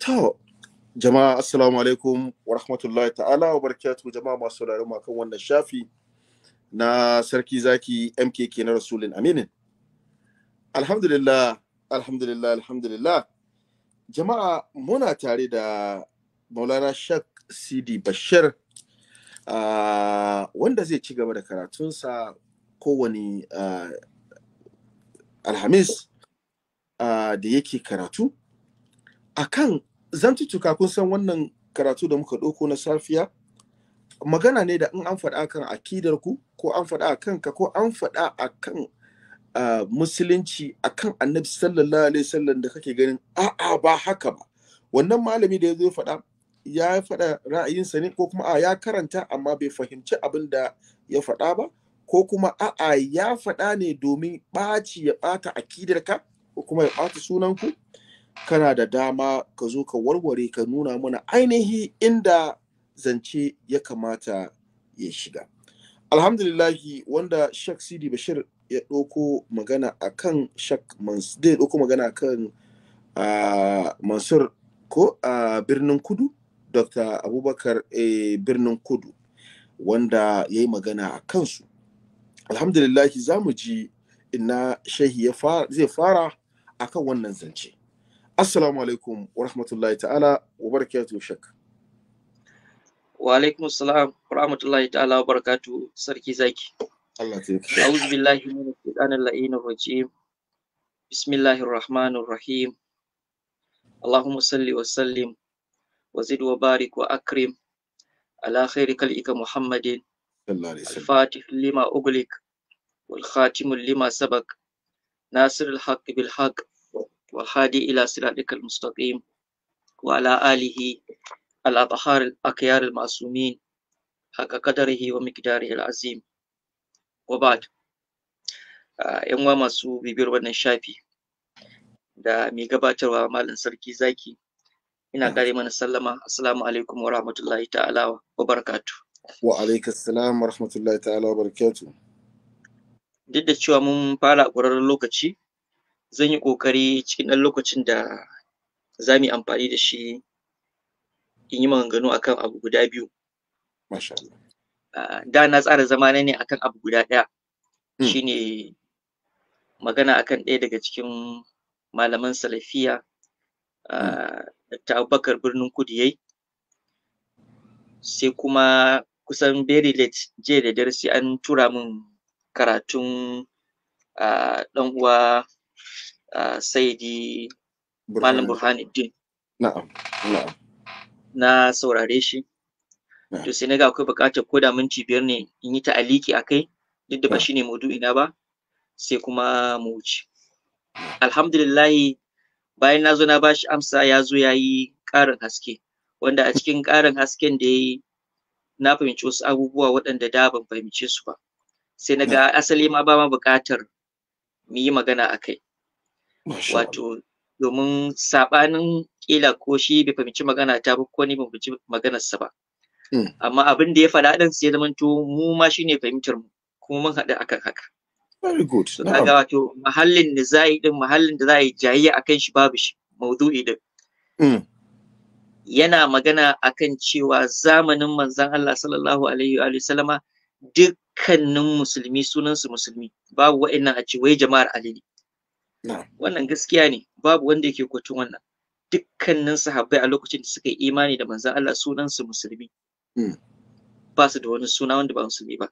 To, jama'a assalamu alaikum wa rahmatullahi ta'ala wa barakatuhu jama'a masu sauraron mu kan wannan shafi na sarki zaki MKK na Rasulun Aminin. Alhamdulillah, alhamdulillah, alhamdulillah. Jama'a muna tare da Maulana Shak Sidi Bashir uh, wanda zai ci gaba da karatunsa kowane uh, Alhamis uh, da yake karatu. akan Zan zantuttuka kun san wannan karatu da muka ɗauko na safiya magana ne da in an faɗa kan akidar ku ko an faɗa a kanka ko an faɗa a kan musulunci a kan annabi sallallahu alaihi sallam da kake ganin a'a ba haka ba wannan malami da ya zo faɗa ya faɗa ra'ayinsa ne ko kuma a ya karanta amma bai fahimci abin da ya faɗa ba ko kuma a'a ya faɗa ne domin ɓaci ya ɓata akidarka ko kuma ya ɓata sunanku kana da dama ka zo ka warware ka nuna mana ainihi inda zance ya kamata ya shiga alhamdulillahi wanda shak sidi bashir ya ɗauko magana a kan shak mansur ɗauko a kan ko a birnin kudu dr abubakar a eh, birnin kudu wanda ya yi magana a kansu alhamdulillahi za mu ji ina shahi zai fara akan wannan zance assalamu alaikum wa rahmatullahi ta'ala wa barakatuhu shak wa alaikum assalam wa rahmatullahi ta'ala wa barakatuhu sarki zaki Allah ta yi a'udhu billahi minash shaitanir la'inir rajim bismillahir rahmanir rahim Allahumma salli wa sallim wa zid wa barik wa akrim ala khairi kalika Muhammadin الفاتح لما أغلق والخاتم لما سبق ناصر الحق بالحق والهادي إلى صراطك المستقيم وعلى آله الأطهار الأخيار المعصومين حق قدره ومقداره العظيم وبعد يوم uwa masu bibiyar wannan shafi da mai gabatarwa malam sarki zaki ina kare mana sallama assalamu alaikum wa rahmatullahi ta'ala wa barakatu wa alaikas salam wa rahmatullahi ta'ala wa duk da cewa mun fara ƙwararren lokaci zan yi ƙoƙari cikin ɗan lokacin da za mu yi amfani da shi in yi maganganu kan abu guda biyu. Ah, da na tsara na ne a kan abu guda ɗaya hmm. Shi ne magana a kan ɗaya daga cikin malaman salafiya hmm. ah, Dr. Abubakar Birnin Kudu yai, sai kuma kusan very late jiya da darasi an tura min karatun ah, ɗan uwa Ah, saidi malam burhanuddin na'am na'am na saurare shi to sai naga akwai buƙatar koda da minti biyar ne in yi ta'aliki a kai duk da ba shine maudu'i na ba sai kuma mu wuce alhamdulillahi bayan na zo na bashi amsa ya zo ya yi ƙarin haske wanda a cikin ƙarin hasken da ya yi na fahimci wasu abubuwa waɗanda da ban fahimce su ba sai na ga asali ma ba ma buƙatar mu yi magana a kai wato domin sabanin kila ko shi bai fahimci magana ta ba ko ni ban fahimci maganarsa ba hmm. amma abin da ya faɗa ɗin sai zaman to mu ma shine fahimtar mu kuma mun haɗu akan haka very good so kaga wato mahallin da za yi din mahallin da za yi jayayya akan shi babu shi maudu'i din hmm. yana magana akan cewa zamanin manzon Allah sallallahu alaihi wa sallama dukkanin musulmi sunansu musulmi babu wa'annan a ce wai jama'ar alili wannan gaskiya ne babu wanda yake kwatun wannan dukkanin sahabbai a lokacin da suka yi imani da manzan Allah sunansu musulmi hmm. ba su da wani suna wanda ba musulmi ba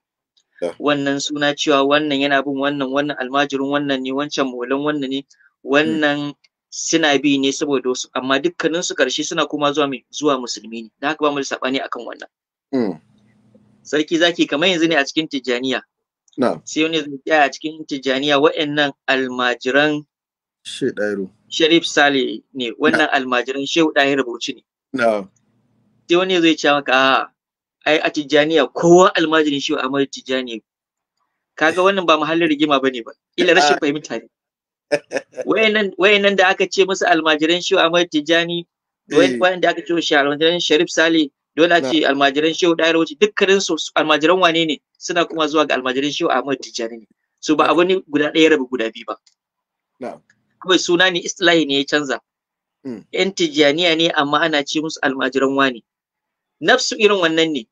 wannan suna cewa wannan yana bin wannan wannan almajirin wannan ne wancan molan wannan ne wannan suna bi ne saboda wasu amma dukkanin su karshe suna kuma zuwa mai zuwa musulmi ne da haka ba mu da sabani akan wannan hmm. sarki zaki kamar yanzu ne a cikin tijjaniya sai wani zai a cikin tijaniya wa'annan almajiran sharif sale ne wannan almajiran shehu ɗahir bauchi ne sai wani zai ce maka a ai a tijaniya kowa almajirin shehu amadu tijjani kaga wannan ba muhallin rigima ba ne ba ila rashin ah. fahimta ne wa'annan da aka ce musu almajiran shehu amadu tijjani eh. da aka ce almajiran sharif sale dole a ce almajiran shehu ɗaya rawaci dukkanin su almajiran wane ne suna kuma zuwa ga almajiran shehu Ahmad Tijjani ne so ba abu ne guda ɗaya rabu guda biyu ba kuma suna ne islahi ne ya canza hmm. yan tijjaniya ne amma ana ce musu almajiran wane nafsu irin wannan ne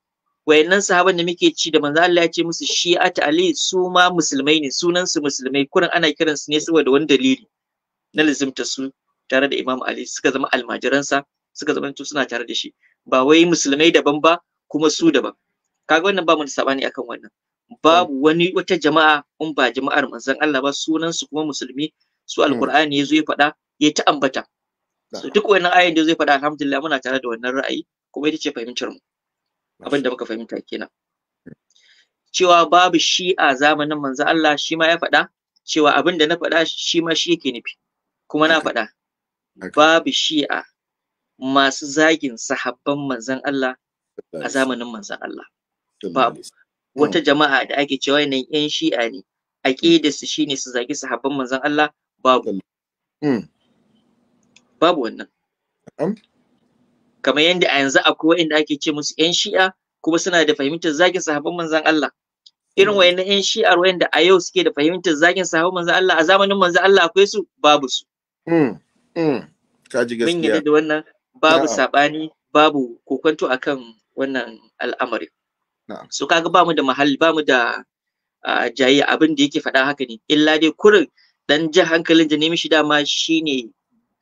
wayannan sahaban da muke ci da manzo Allah ya ce musu shi'at ali su ma musulmai ne sunan su musulmai kuran ana kiransu ne saboda wani dalili na lazimta su tare da Imam Ali suka zama almajiransa suka zama suna tare da shi ba wai musulmai daban ba kuma su daban kaga wannan ba mu da sabani akan wannan babu mm. wani wata jama'a in ba jama'ar manzon Allah ba sunan su kuma musulmi su mm. alqur'ani yazo ya faɗa ya ta ambata so duk wannan ayin da zai faɗa alhamdulillah muna tare da wannan ra'ayi kuma ita ce fahimtar mu abin da muka fahimta kenan cewa babu shi a zamanin manzo Allah shi ma ya faɗa cewa abin da na faɗa shi ma shi yake nufi kuma na faɗa babu shi'a masu zagin sahabban manzan Allah a zamanin manzan Allah babu wata jama'a da ake cewa yanayin yan shi'a ne aqidar su shine su zagi sahabban manzan Allah babu hmm. babu wannan kamar yadda a yanzu akwai inda ake ce musu yan shi'a kuma suna da fahimtar zagin sahabban manzan Allah irin hmm. wayannan yan shi'ar wayanda a yau suke da fahimtar zagin sahabban manzan Allah a zamanin manzan Allah akwai su babu su hmm. ka ji gaskiya mun yadda da wannan babu saɓani babu kokonto akan wannan al'amari so kaga bamu da mahalli bamu da jayi abin da yake faɗa haka ne illa dai kurin dan ji hankalin da nemi shi dama shine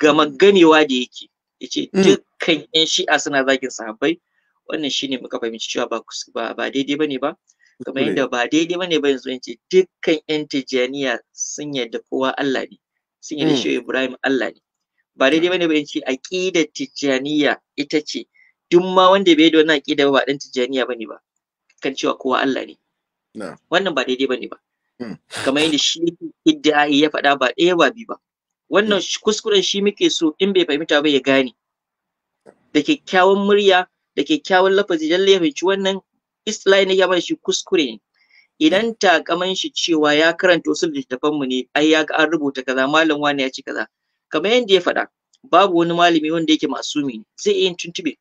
gama mm. ganewa da yake yace mm. dukkan yan shi'a suna zagin sahabbai wannan shine muka fahimci cewa ba ba daidai bane ba kamar yadda ba daidai bane ba yanzu yace dukkan yan tijaniya sun yarda kowa Allah ne sun yarda mm. shi Ibrahim Allah ne ba daidai bane ba ce aqidar tijaniya ita ce duk ma wanda bai da wannan aqida ba dan tijaniya bane ba kan cewa kowa Allah ne wannan ba daidai bane ba hmm. kamar yadda shi idda'i ya faɗa ba ɗaya ba biyu ba wannan hmm. kuskuren shi muke so in bai fahimta ba ya gane da kyakkyawan murya da kyakkyawan lafazi lalle ya fahimci wannan Isla'i ne ya mana shi kuskure ne idan takaman shi cewa ya karanta wasu mu ne ai ya ga an rubuta kaza malam wani ya ce kaza kamar yadda ya faɗa babu wani malami wanda yake masumi ne zai iya yin tuntube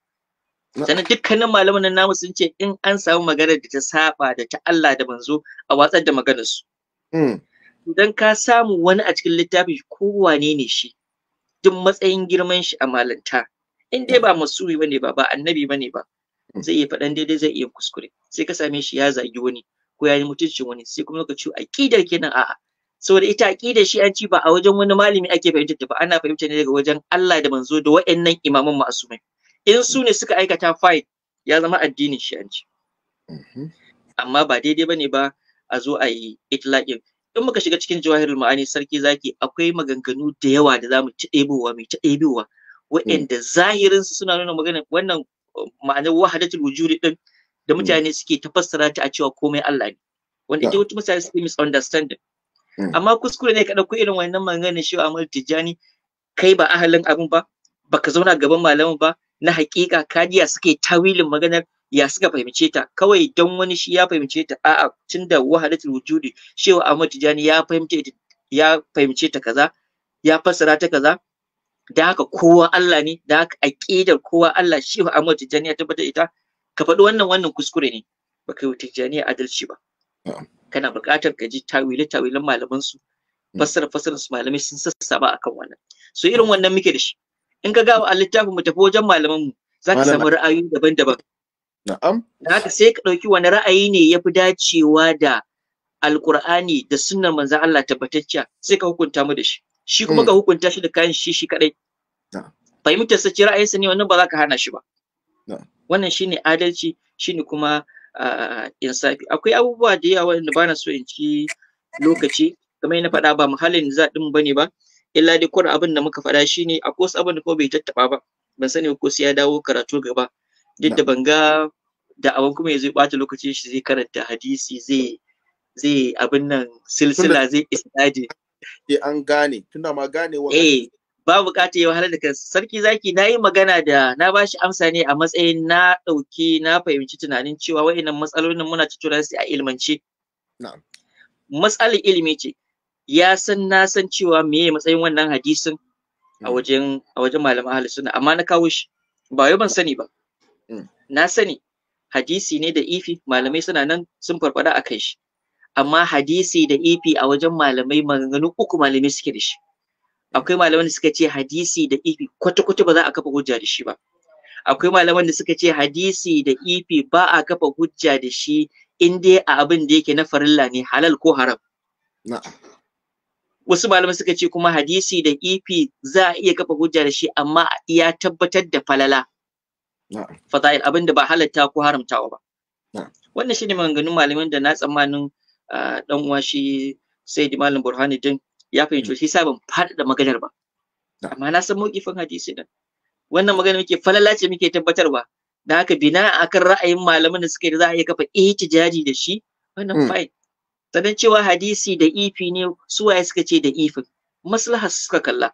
sannan dukkanin malaman nan namu sun ce in an samu maganar da ta saba da ta Allah da manzo a watsar da maganar su hmm. idan ka samu wani a cikin littafi ko wane ne shi duk matsayin girman shi a malanta in dai ba masumi bane ba ba annabi bane ba hmm. zai iya faɗan daidai zai iya kuskure sai ka same shi ya zagi wani ko ya yi mutuncin wani sai kuma lokaci aqidar kenan a'a saboda ita aqida shi an ci ba a wajen wani malami ake fahimtar ta ba ana fahimta ne daga wajen Allah da manzo da waɗannan imaman masumai in su ne suka aikata fight ya zama addinin shi an ci mm-hmm. amma ba daidai bane ba a zo a yi itlaqin in muka shiga cikin jawahirul ma'ani sarki zaki akwai maganganu da yawa da zamu ci ɗebowa mai ci ɗebowa waɗanda mm. zahirinsu suna nuna magana wannan uh, ma'anar wahadatul wujudi din da mm. mutane suke tafassara ta a cewa komai Allah ne wanda ita wata misali suke misunderstanding Hmm. amma kuskure ne ka ɗauko irin wannan maganar shi a Tijjani kai ba ahalin abin ba baka zauna gaban malamin ba na hakika kadiya suke tawilin maganar ya suka fahimce ta kawai don wani shi ya fahimce ta a'a tunda wahadatul wujudi shehu Ahmad Tijjani ya fahimce ya fahimce ta kaza ya fassara ta kaza da haka kowa Allah ne da haka aqidar kowa Allah shehu Ahmad Tijjani ya tabbata ita ka faɗi wannan wannan kuskure ne baka yi Tijjani adalci ba kana buƙatar ka ji tawile tawilan malaman su hmm. fassara fassarar su malamai sun ba akan wannan so irin wannan muke da shi in ka gawa a littafin mu tafi wajen malaman mu za ka samu ra'ayi daban-daban na'am da haka sai ka ɗauki wani ra'ayi ne ya fi dacewa da alkur'ani da sunnar manzan Allah tabbatacciya sai ka hukunta mu da shi shi kuma hmm. ka hukunta shi da kayan shi shi kadai fahimtar sa ci ra'ayinsa ne wannan ba za ka hana shi ba wannan shine adalci shine kuma insafi akwai abubuwa da yawa wanda ba na so in ci lokaci kamar na faɗa ba muhallin za ɗin bane ba illa dai kawai abin da muka faɗa shine akwai wasu abin da kuma bai tattaɓa ba ban sani ko sai ya dawo karatu gaba duk da ban ga da abin kuma ya zai ɓata lokaci shi zai karanta hadisi zai zai abin nan silsila zai isnadi eh an gane tunda ma gane ba bukatar ya wahalar da kansa sarki zaki na yi magana da na bashi amsa ne a matsayin na ɗauki na fahimci tunanin cewa wa'innan matsalolin muna tattauna su a ilmance matsalar ilimi ce ya san na san cewa meye matsayin wannan hadisin a mm. wajen a wajen malaman ahlus sunna amma na kawo shi ba wai ban sani ba mm. na sani hadisi ne da ifi malamai suna nan sun farfada a kai shi amma hadisi da ifi a wajen malamai maganganu uku malamai suke da shi akwai malaman da suka ce hadisi da ifi kwata-kwata ba za a kafa hujja da shi ba akwai malaman da suka ce hadisi da ifi ba a kafa hujja da shi in dai a abin da yake na farilla ne halal ko haram wasu malaman suka ce kuma hadisi da ifi za a iya kafa hujja da shi amma ya tabbatar da falala fata'il abin da ba halatta ko haramtawa ba wannan shine maganganun malaman da na tsammanin dan ah, uwa shi sai malam burhanuddin ya fahimci hmm. shi sa ban faɗaɗa maganar ba amma na san mawkifin hadisi nan. wannan magana muke falala ce muke tabbatarwa da haka bina akan ra'ayin malaman da suka yi za a iya kafa ihtijaji da shi wannan hmm. fine sannan cewa hadisi da ifi ne suwaye suka ce da ifin maslaha suka kalla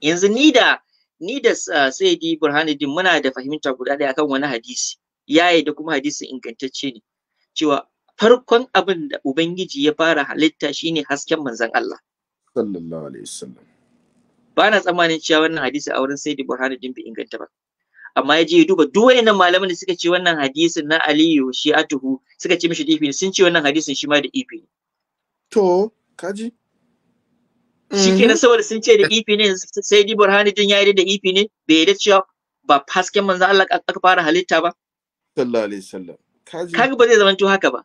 yanzu ni da ni da ah, sayyidi burhanuddin muna da fahimta guda ɗaya akan wani hadisi yayi da kuma hadisi ingantacce ne cewa farkon abin da Ubangiji ya fara halitta shine hasken manzan Allah. Sallallahu Alaihi Wasallam. Ba na tsammanin cewa wannan hadisi a wurin Sayyidi Burhanuddin bai inganta ba. Amma ya je ya duba duk wayannan malaman da suka ce wannan hadisi na Aliyu shi tuhu suka ce mishi ifi sun ce wannan hadisin shi ma da ifi e ne. To, kaji. Shi kenan mhm. saboda sun ce da ifi eh. e ne sai di Burhanuddin ya yi da ifi e ne bai da cewa ba hasken manzan Allah aka fara halitta ba. Sallallahu Alaihi Wasallam. Kaji. Kaga ba zai zamanto haka ba.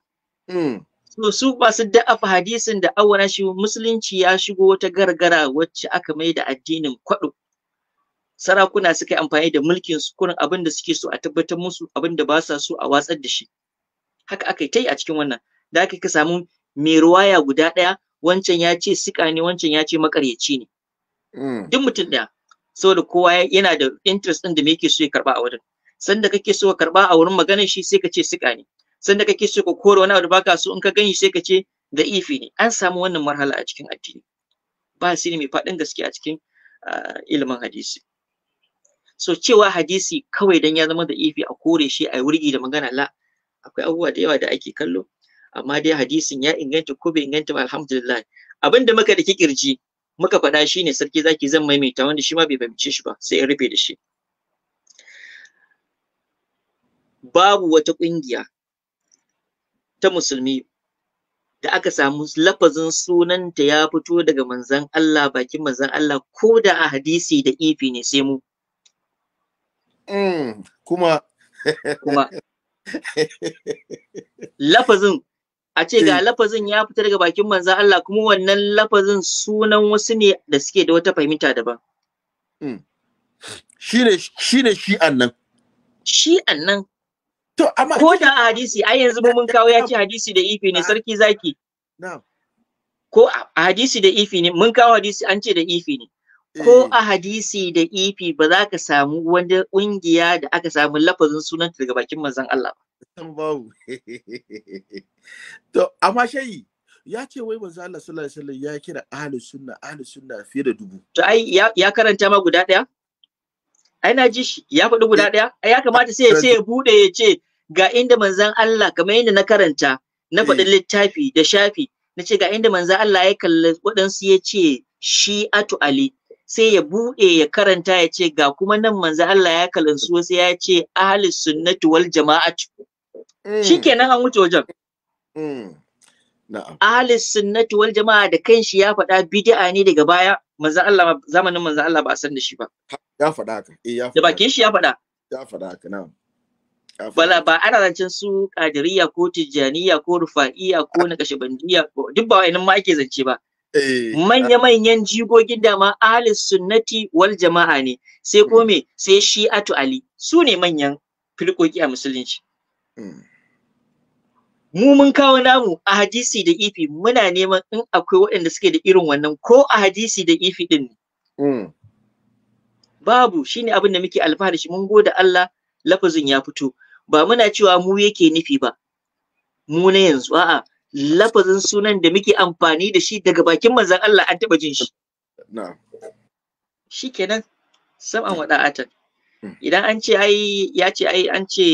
Mm. So su masu da'afa hadisin da awara shi musulunci ya shigo wata gargara wacce aka mai da addinin kwaɗo. Sarakuna suka yi amfani da mulkin su kurin abin da suke so a tabbatar musu abin da ba sa so a watsar da shi. Haka aka yi ta yi a cikin wannan. Da aka ka samu mai ruwaya guda ɗaya wancan ya ce sika ne wancan ya ce makaryaci ne. Mm. Duk mutum ɗaya. Saboda kowa yana da interest ɗin da me yake so ya karɓa a wurin. Sanda kake so ka karɓa a wurin maganar shi sai ka ce sika ne. sanda kake so ka kore wani abu da baka so in ka gani sai ka ce da ifi ne an samu wannan marhala a cikin addini ba shi ne mai faɗin gaske a cikin ah, ilimin hadisi so cewa hadisi kawai dan ya zama da ifi a kore shi a wurgi da magana la akwai abubuwa da yawa da ake kallo amma dai hadisin ya inganta ko bai inganta ba alhamdulillah abin da muka da kirji muka faɗa shi ne sarki zaki zan maimaita wanda shi ma bai fahimce shi ba sai in rufe da shi babu wata ƙungiya ta musulmi da aka samu lafazin sunanta ya fito daga manzan Allah bakin manzan Allah ko da a hadisi da ifi ne sai mu. Mm, kuma. Kuma. Lafazin a ce ga eh. lafazin ya fita daga bakin manzan Allah kuma wannan lafazin sunan wasu ne da suke da wata fahimta daban. Mm. Shi ne shi annan. Shi annan. To amma ko da hadisi ai yanzu mun kawo ya ce hadisi da ifi ne sarki zaki. Ko a hadisi da ifi ne mun kawo hadisi an ce da ifi ne. Ko eh. a hadisi da ifi ba za ka samu wanda ƙungiya da aka samu lafazin sunanta daga bakin manzon Allah ba. To amma shayi ya ce wai manzo Allah sallallahu alaihi wasallam ya kira ahli sunna ahli sunna fiye da dubu. To ai ya karanta ma guda ɗaya? ai na ji shi ya faɗi guda ɗaya ai ya kamata sai ya ya buɗe ya ce ga inda manzan Allah kamar yadda na karanta na faɗin eh. littafi da shafi na ce ga inda manzan Allah ya kalli waɗansu ya ce shi atu Ali sai ya buɗe ya karanta ya ce ga kuma nan manzan Allah ya kalli su wasu ya ce ahli sunnati wal jama'atu eh. shikenan an wuce wajen eh. ahli sunnati wal jama'a da kanshi ya faɗa bid'a ne daga baya manzan Allah zamanin manzan Allah ba a san da shi ba ya faɗa haka eh ya da bakin shi ya faɗa ya faɗa haka na'am bala ba ana zancen su kadiriya ko tijjaniya ko rufa'iya ko na bandiya, duk ba wa'annan ma ake zance ba eh, manya-manyan jigogin da ma ahli sunnati wal jama'a ne sai ko hmm. me sai shi'atu ali su ne manyan firkoki a musulunci hmm. mu mun kawo namu a hadisi da ifi muna neman in akwai waɗanda suke da irin wannan ko a hadisi da ifi din hmm. babu shine abin da muke alfahari shi mun gode Allah lafazin ya fito ba muna cewa mu yake nufi ba mu na yanzu a'a lafazin sunan da muke amfani da shi daga bakin manzon Allah an taba jin shi na'am shikenan sam'an hmm. wada'atan hmm. idan an ce ai ya ce ai an ce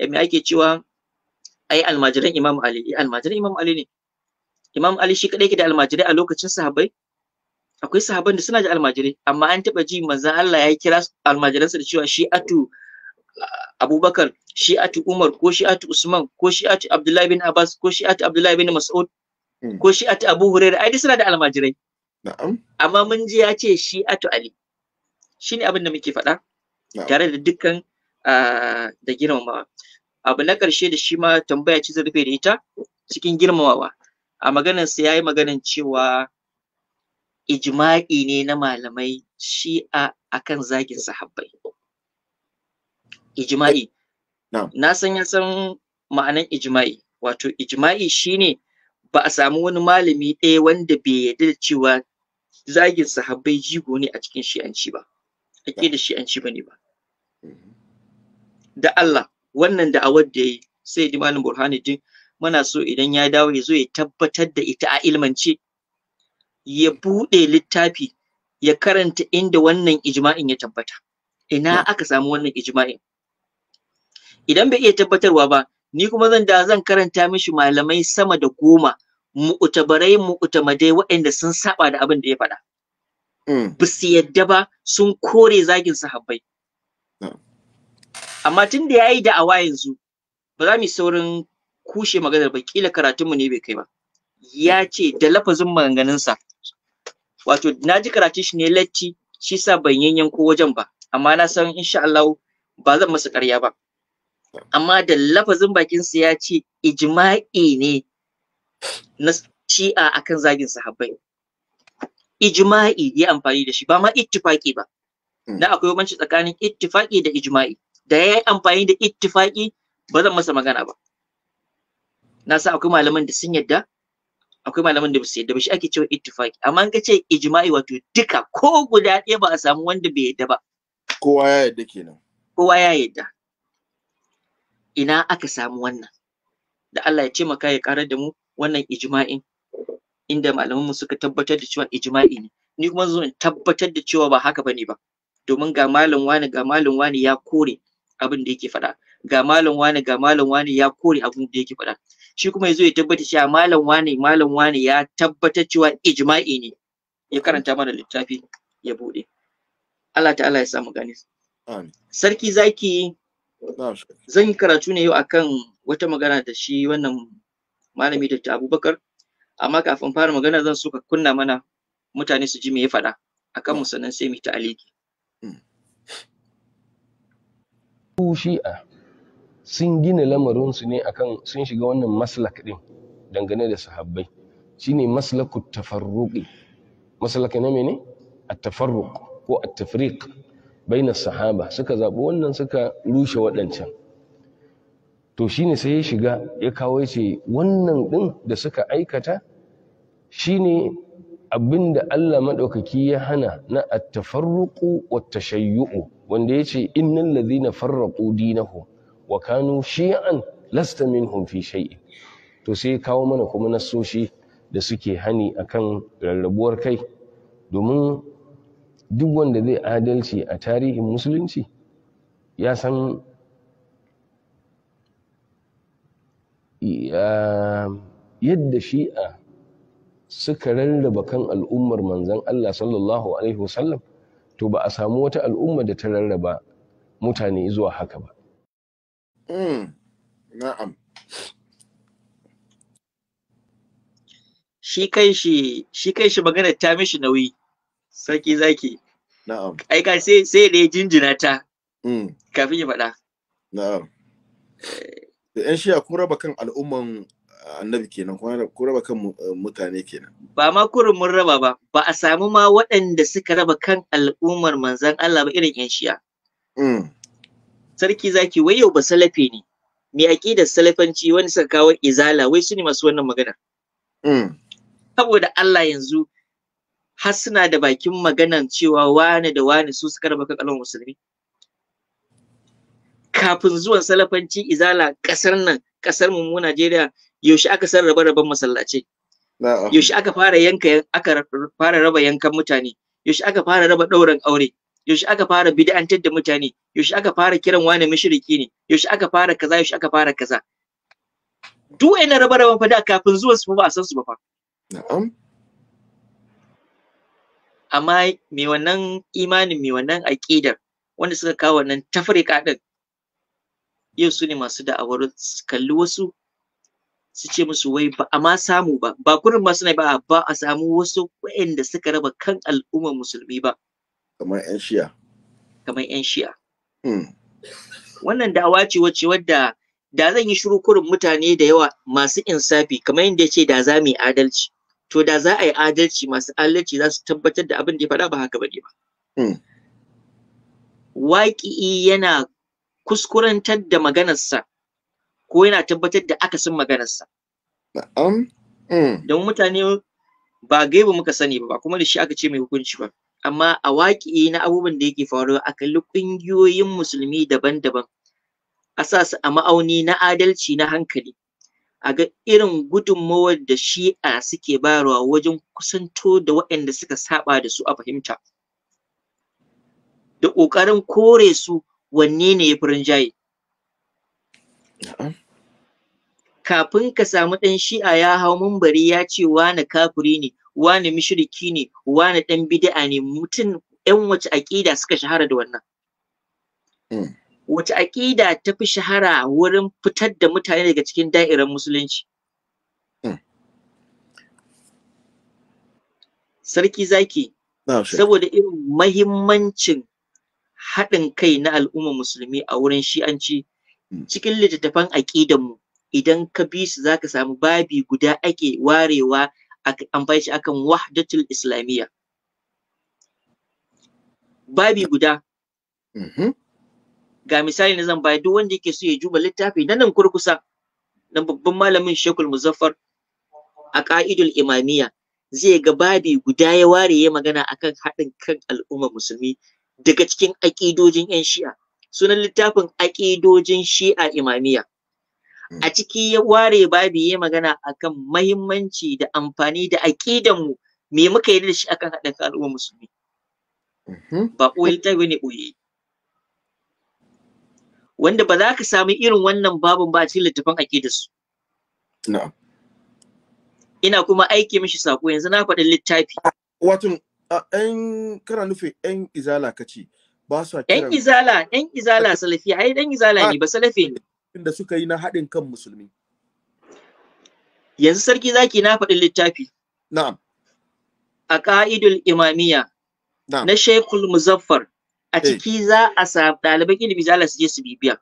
eh, me ake cewa ai almajiran Imam Ali eh, almajiran Imam Ali ne Imam Ali shi kadai ke da almajirai a lokacin sahabbai akwai sahaban da suna da almajirai amma an taɓa ji manzo Allah ya kira almajiransa da cewa shi atu Abubakar shi atu Umar ko shi atu Usman ko shi atu Abdullahi bin Abbas ko shi atu Abdullahi bin Mas'ud hmm. ko shi atu Abu Hurairah ai suna da almajirai na'am amma mun ji ya ce shi atu Ali shine abin da muke faɗa tare da dukkan da girmamawa abu na ƙarshe da shi ma tambaya ci zurfe da ita cikin girmamawa a maganar sa yayi maganar cewa ijma'i ne na malamai shi'a kan zagin sahabbai ijma'i na san ya san ma'anan ijma'i wato ijma'i shine ba a samu wani malami ɗaya wanda bai yarda da cewa zagin sahabbai jigo ne a cikin shi'anci ba ake da shi'anci ba ne ba da Allah wannan awar da ya yi sai Imanin Burhanuddin muna so idan ya dawo ya zo ya tabbatar da ita a ilmance ya buɗe littafi ya karanta inda wannan ijma'in ya tabbata ina aka samu wannan ijma'in idan bai iya tabbatarwa ba ni kuma zan da zan karanta mishi malamai sama da goma mu'tabarai mu'tamadai waɗanda sun saba da abin da ya faɗa mm. ba su yadda ba sun kore zagin sahabbai amma tun da ya yi da'awa yanzu ba za mu saurin kushe maganar ba kila karatunmu ne bai kai ba ya mm. ce da lafazin maganganunsa wato na ji karatun shi ne latti shi sa ban yanko wajen ba amma na san insha Allah ba zan masa ƙarya ba amma da lafazin bakin sa ya ce ijma'i ne na shi'a akan zagin sahabbai ijma'i ya amfani da shi ba ma ittifaki ba hmm. na akwai banci tsakanin ittifaki da ijma'i da ya amfani da ittifaki ba zan masa magana ba na sa akwai malaman da sun yadda akwai malamin da ba su yadda ba shi ake cewa ittifaki amma an ga ce ijma'i wato duka ko guda ɗaya ba a samu wanda bai yadda ba kowa ya yadda kenan kowa ya yadda ina aka samu wannan da Allah ya ce maka ya karar da mu wannan ijma'in inda malaman mu suka tabbatar da cewa ijma'i ne ni kuma zan tabbatar da cewa ba haka bane ba domin ga malam wani ga malam wani ya kore abin da yake faɗa ga malam wani ga malam wani ya kore abin da yake faɗa shi kuma ya zo ya tabbata cewa malam wane malam wane ya tabbatar cewa ijma'i ne ya karanta mana littafi ya bude Allah ta'ala ya samu gani sarki zaki zan yi karatu ne yau akan wata magana da shi wannan malami da abubakar amma kafin fara magana zan so ka kunna mana mutane su ji me ya faɗa akan mu sai mu ta aliki hmm. shi'a sun gina lamarinsu ne akan sun shiga wannan maslak din dangane da sahabbai shine maslaku tafarruqi maslaka ne mene at-tafarruq ko at-tafriq bainas sahaba suka zabi wannan suka rushe waɗancan to shine sai ya shiga ya kawo yace wannan din da suka aikata shine abinda Allah madaukaki ya hana na at-tafarruqu wat-tashayyu'u wanda yace innal ladhina farraqu dinahum wa kanu shi'an lasta minhum fi shay'in to sai kawo mana kuma nasoshi da suke hani akan rarrabuwar kai domin duk wanda zai adalci a tarihin musulunci ya san yadda shi'a suka rarraba kan al'ummar manzan Allah sallallahu Alaihi wasallam to ba a samu wata al'umma da ta rarraba mutane zuwa haka ba Mm, na'am. Shi kai shi shi kai shi magana ta mishi nauyi. Sarki zaki. Na'am. Ai ka sai sai da jinjina ta. Mm. Kafin ya faɗa. Na'am. Da eh. ƴan shiya ko raba kan al'umman eh, annabi kenan ko raba kan eh, mutane kenan. Ba ma kurin mun raba ba, ba a samu ma waɗanda suka raba kan al'ummar manzan Allah ba irin yan shiya. Mm. sarki zaki wai yau ba salafe ne mai aƙidar salafanci wani suka kawo izala wai su ne masu wannan magana? Mm. saboda Allah yanzu har suna da bakin maganan cewa wane da wani su suka raba kakalon musulmi kafin zuwan salafanci izala kasar nan kasar mu mu Najeriya yaushe aka san raba raban masallace ah. yaushe aka fara yanka aka fara raba yankan mutane yaushe aka fara raba ɗaurin aure yaushe aka fara bid'antar da mutane yaushe aka fara kiran wani mushriki ne yaushe aka fara kaza yaushe aka fara kaza duk wayannan raba raben fa da kafin zuwan su ba a san su ba fa na'am amma me wannan imanin me wannan aqidar wanda suka kawo wannan tafrika din yau su ne masu da'awar su kalli wasu su ce musu wai ba a samu ba ba kurin ma suna ba ba a samu wasu waɗanda suka raba kan al'ummar musulmi ba kamar yan shiya kamar yan shiya hmm. wannan dawa ce wacce wadda da zan yi shiru kurin mutane da yawa masu insafi kamar yadda ya ce da za mu yi adalci to da za a yi adalci masu adalci za su tabbatar da abin da ya faɗa ba haka bane ba hmm. waƙi yana kuskurantar da maganarsa ko yana tabbatar da akasin maganarsa na'am hmm. don mutane ba gaibu muka sani ba kuma da shi aka ce mai hukunci ba amma a waƙi na abubuwan da yake faruwa a kalli ƙungiyoyin musulmi daban-daban a sa su a ma'auni na adalci na hankali a ga irin gudunmawar da shi'a suke bayarwa wajen kusanto da waɗanda suka saɓa da su a fahimta da ƙoƙarin kore su wanne ne ya fi rinjaye kafin ka samu ɗan shi'a ya hau mumbari ya ce wani kafiri ne wane mushriki ne wane dan bid'a ne mutum yan wace aƙida suka shahara da wannan hmm. wace aƙida ta fi shahara wurin fitar da mutane daga cikin da'irar musulunci hmm. sarki zaki saboda irin mahimmancin haɗin kai na al'ummar musulmi a wurin shi'anci hmm. cikin littattafan aƙidanmu idan ka bi su za ka samu babi guda ake warewa an shi akan wahdatul islamiyya babi guda mm-hmm. ga misali na zan bayar duk wanda yake so ya juba littafi na nan kurkusa na babban malamin shekul muzaffar a ka'idul imamiyya zai ga babi guda ya ware ya magana akan haɗin kan al'ummar musulmi daga cikin aƙidojin 'yan shi'a sunan littafin aƙidojin shi'a imamiyya a ciki ya ware babi ya magana akan mahimmanci da amfani da aƙidan mu me muka yi da shi akan haɗin kan al'ummar musulmi mm-hmm. ba ɓoye ta ne ɓoye wanda ba za ka sami irin wannan babin ba a cikin littafin aƙidarsu su? ina kuma aiki mishi sako yanzu na faɗi littafi wato ɗan kana nufin ɗan izala kace ba su ɗan izala ɗan izala salafi ai ɗan izala ne ba salafi ne da suka yi na haɗin kan musulmi. Yanzu sarki zaki na faɗin littafi. Na'am. A ƙa'idul imamiyya na Sheikhul Muzaffar a eh. ciki za a sa ɗaliban ilimi za su je su bibiya.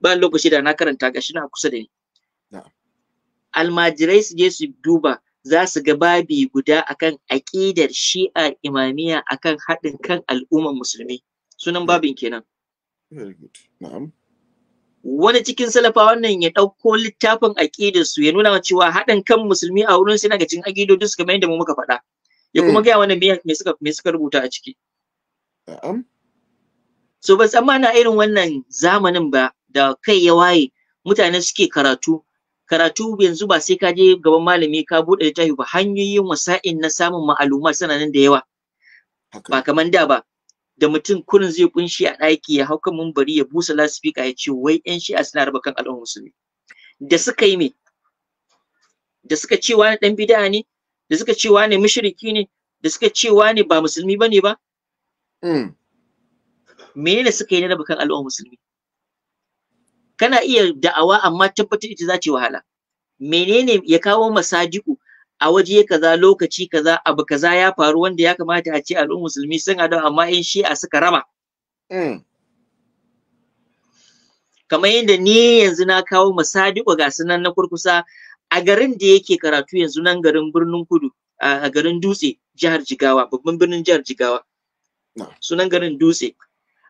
Ba lokaci da na karanta gashi na kusa da ni. Almajirai su je su duba za su ga babi guda akan aƙidar shi'a imamiya akan haɗin kan al'ummar musulmi. Sunan babin kenan. Na'am. wani cikin salafawan nan ya ɗauko littafin aƙidar su ya nuna cewa haɗin kan musulmi a wurin suna ga cikin aƙidodin su kamar yadda mu muka faɗa ya kuma hmm. gaya wannan me suka me suka rubuta a ciki so ba tsammana irin wannan zamanin ba da kai ya waye mutane suke karatu karatu yanzu ba sai ka je gaban malami ka buɗe littafi ba hanyoyin wasa'in na samun ma'aluma suna nan da yawa ba kamar da ba da mutum kurin zai kunshi a ɗaki ya hau kan mumbari ya busa lasifika ya ce wai yan shi'a suna raba kan al'umma musulmi da suka yi me da suka ce wani ɗan bid'a ne da suka ce wani mushriki ne da suka ce wani ba musulmi bane ba hmm. me ne suka yi na raba kan al'umma musulmi kana iya da'awa amma tabbatar ita za ta yi wahala menene ya kawo masajiku a waje kaza lokaci kaza abu kaza ya faru wanda ya kamata a ce al'ummar musulmi sun hada amma in a suka raba. Mm. Kamar yadda ni yanzu na kawo masadiƙo ga sunan na kurkusa a garin da yake karatu yanzu nan garin birnin kudu a garin dutse jihar Jigawa babban birnin jihar Jigawa. Sunan garin dutse.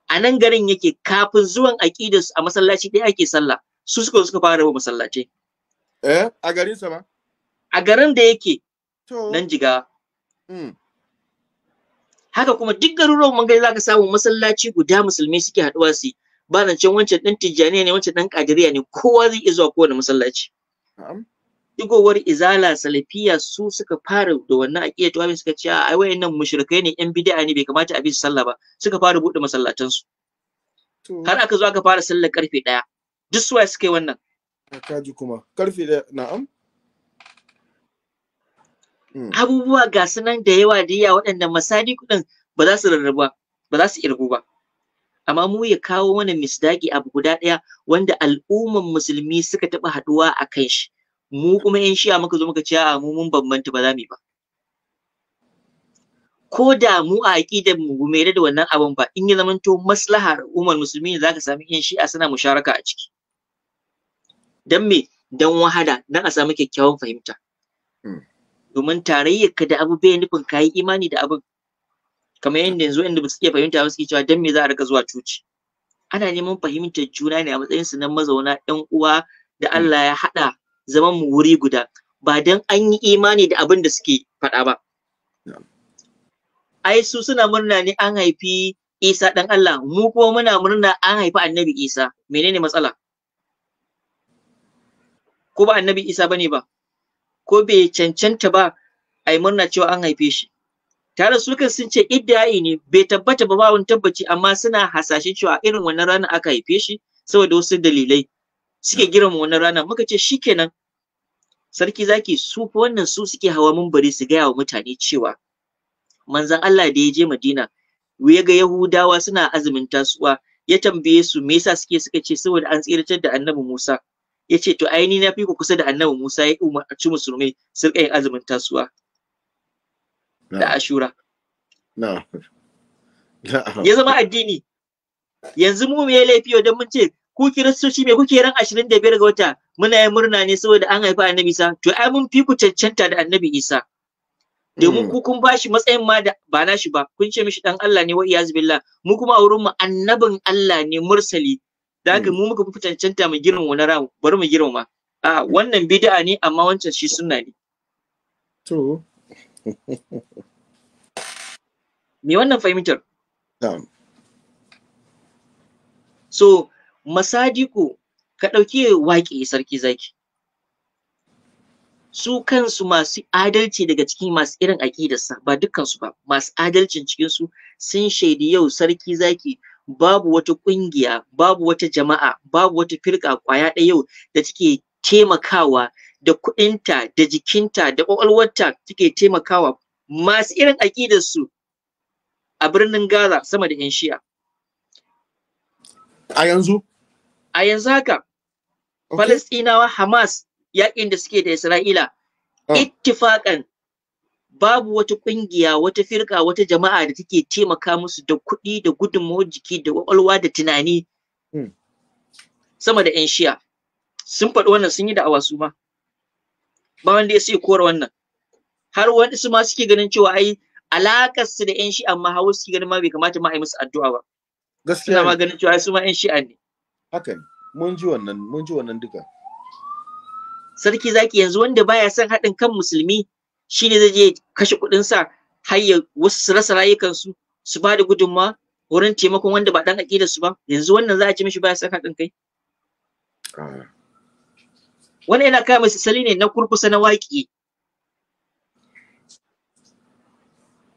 A nan garin yake kafin zuwan aƙidar a masallaci ɗaya ake sallah su suka suka fara raba masallaci. Eh a garin sa ba. a garin da yake nan jiga mm. haka kuma duk garuruwan mun za ka samu masallaci guda musulmi suke haɗuwa su ba nan can wancan ɗan tijjaniya ne wancan ɗan ƙadiriya ne kowa zai iya zuwa kowane masallaci digowar izala salafiya su suka fara da wannan aqida to suka ce ai wayannan mushrikai ne yan bid'a ne bai kamata a bi su sallah ba suka fara bude masallatan su har aka zo aka fara sallar karfe daya duk suwaye suka yi wannan kaji kuma karfe daya na'am Hmm. abubuwa ga su nan da yawa da yawa waɗanda masani kuɗin ba za su rarrabu ba za su irgu ba amma mu ya kawo mana misdaki abu guda ɗaya wanda al'umman musulmi suka taɓa haɗuwa a kan shi mu kuma yan shiya muka zo muka ce a mu mun bambanta ba za mu yi ba ko da mu a aqidar mu mai da wannan abun ba in ya zamanto maslaha al'ummar musulmi ne zaka sami yan shi'a suna musharaka a ciki dan me dan wahada dan a samu kyakkyawan fahimta hmm. domin tarayyarka da abu bai nufin ka yi imani da abin kamar yadda yanzu inda ba su iya fahimta ba suke cewa dan me za a rika zuwa coci ana neman fahimtar juna ne a matsayin su na mazauna ɗan uwa da Allah ya haɗa zaman mu wuri guda ba dan an yi imani da abin da suke faɗa ba ai su suna murna ne an haifi Isa ɗan Allah mu kuma muna murna an haifi annabi Isa menene matsala ko ba annabi Isa bane ba ko bai cancanta ba a yi murna cewa an haife shi tare su kan sun ce iddiyayi ne bai tabbata ba wani tabbaci amma suna hasashe cewa irin wannan rana aka haife shi saboda wasu dalilai suke girma wannan rana, muka ce shikenan sarki zaki su wannan su suke hawa bari su gaya wa mutane cewa manzon Allah da ya je Madina ya ga Yahudawa suna azumin tasuwa ya tambaye su me yasa suke suka ce saboda an tsiratar da Annabi Musa ya ce to aini na fi ku kusa da annabi Musa ya umarci musulmai su yin azumin tasuwa da ashura ya zama addini yanzu mu me laifi wajen mun ce ku kiristoci me kuke ran 25 ga wata muna yin murna ne saboda an haifi annabi Isa to ai mun fi ku cancanta da annabi Isa domin mm. ku kun bashi matsayin ma da ba nashi ba kun ce mishi dan Allah ne wa iyaz billah mu kuma a wurin mu annabin Allah ne mursali da haka mm. mu muka fi cancanta mu girin na ra bari mu ma. a wannan bid'a ne amma wancan shi sunna ne to me wannan fahimtar so masadiku ka ɗauki waƙe sarki zaki su kansu masu adalci daga cikin masu irin aƙidarsa ba dukkansu ba masu adalcin cikinsu sun shaidi yau sarki zaki babu wata ƙungiya, babu wata jama'a, babu wata firƙa ƙwaya ɗaya yau da take taimakawa da kuɗinta, da jikinta, da ƙwaƙwalwarta take taimakawa masu irin aƙidarsu a birnin Gaza sama da 'yan shi'a. A yanzu? A yanzu haka, Falasɗinawa Hamas yaƙin da suke da Isra'ila, oh. ittifaƙan babu wata ƙungiya, wata firka, wata jama'a da take taimaka musu da kuɗi da gudunmawar jiki da ƙwaƙwalwa da tunani hmm. sama da 'yan shiya. Sun faɗi wannan sun yi awa su ma. Ba wanda ya sai kora wannan. Har wani su ma suke ganin cewa ai alakar su da 'yan shi amma hawa suke ganin ma bai kamata ma a yi musu addu'a ba. Gaskiya. ma ganin cewa su ma 'yan shi'a ne. Haka ne. Mun ji wannan, mun ji wannan duka. Sarki zaki yanzu wanda baya son haɗin kan musulmi shi ne zai je kashe kuɗin sa har ya wasu rasa rayukansu su ba da gudunma wurin taimakon wanda ba ɗan aƙida su ba yanzu wannan za a ci mishi baya san haɗin kai wani yana kai mai sali ne na kurkusa na waƙi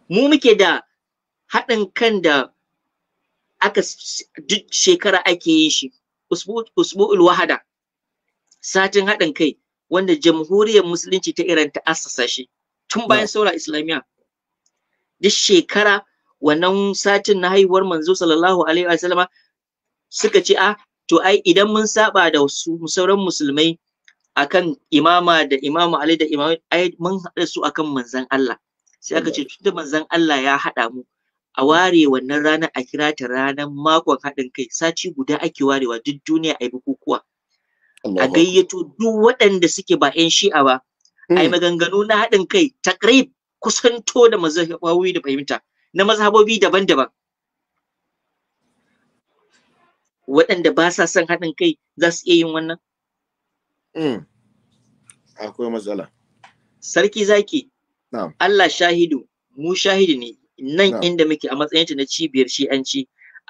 mu muke da haɗin kan da aka duk shekara ake yin shi usbu'ul wahada satin haɗin kai wanda jamhuriyar musulunci ta iran ta assasa shi tun bayan saura islamiya duk shekara wannan satin na haihuwar manzo sallallahu alaihi wa sallama suka ce a ah, to ai idan mun saba da su sauran musulmai akan imama da imamu ali da imamu ai mun hada su akan manzon Allah sai aka ce tunda da manzon Allah ya haɗa mu a ware wannan ranar a kira ta ranar makon haɗin kai sati guda ake warewa duk duniya a yi bukukuwa a gayyato duk waɗanda suke ba 'yan shi'a ba ai hmm. maganganu na haɗin kai takrib kusanto da mazhabawi da fahimta na mazhabobi daban-daban waɗanda ba sa son haɗin kai za su iya yin wannan hmm. akwai matsala sarki zaki Allah shahidu mu shahidi ne nan inda muke a matsayinta na cibiyar shi'anci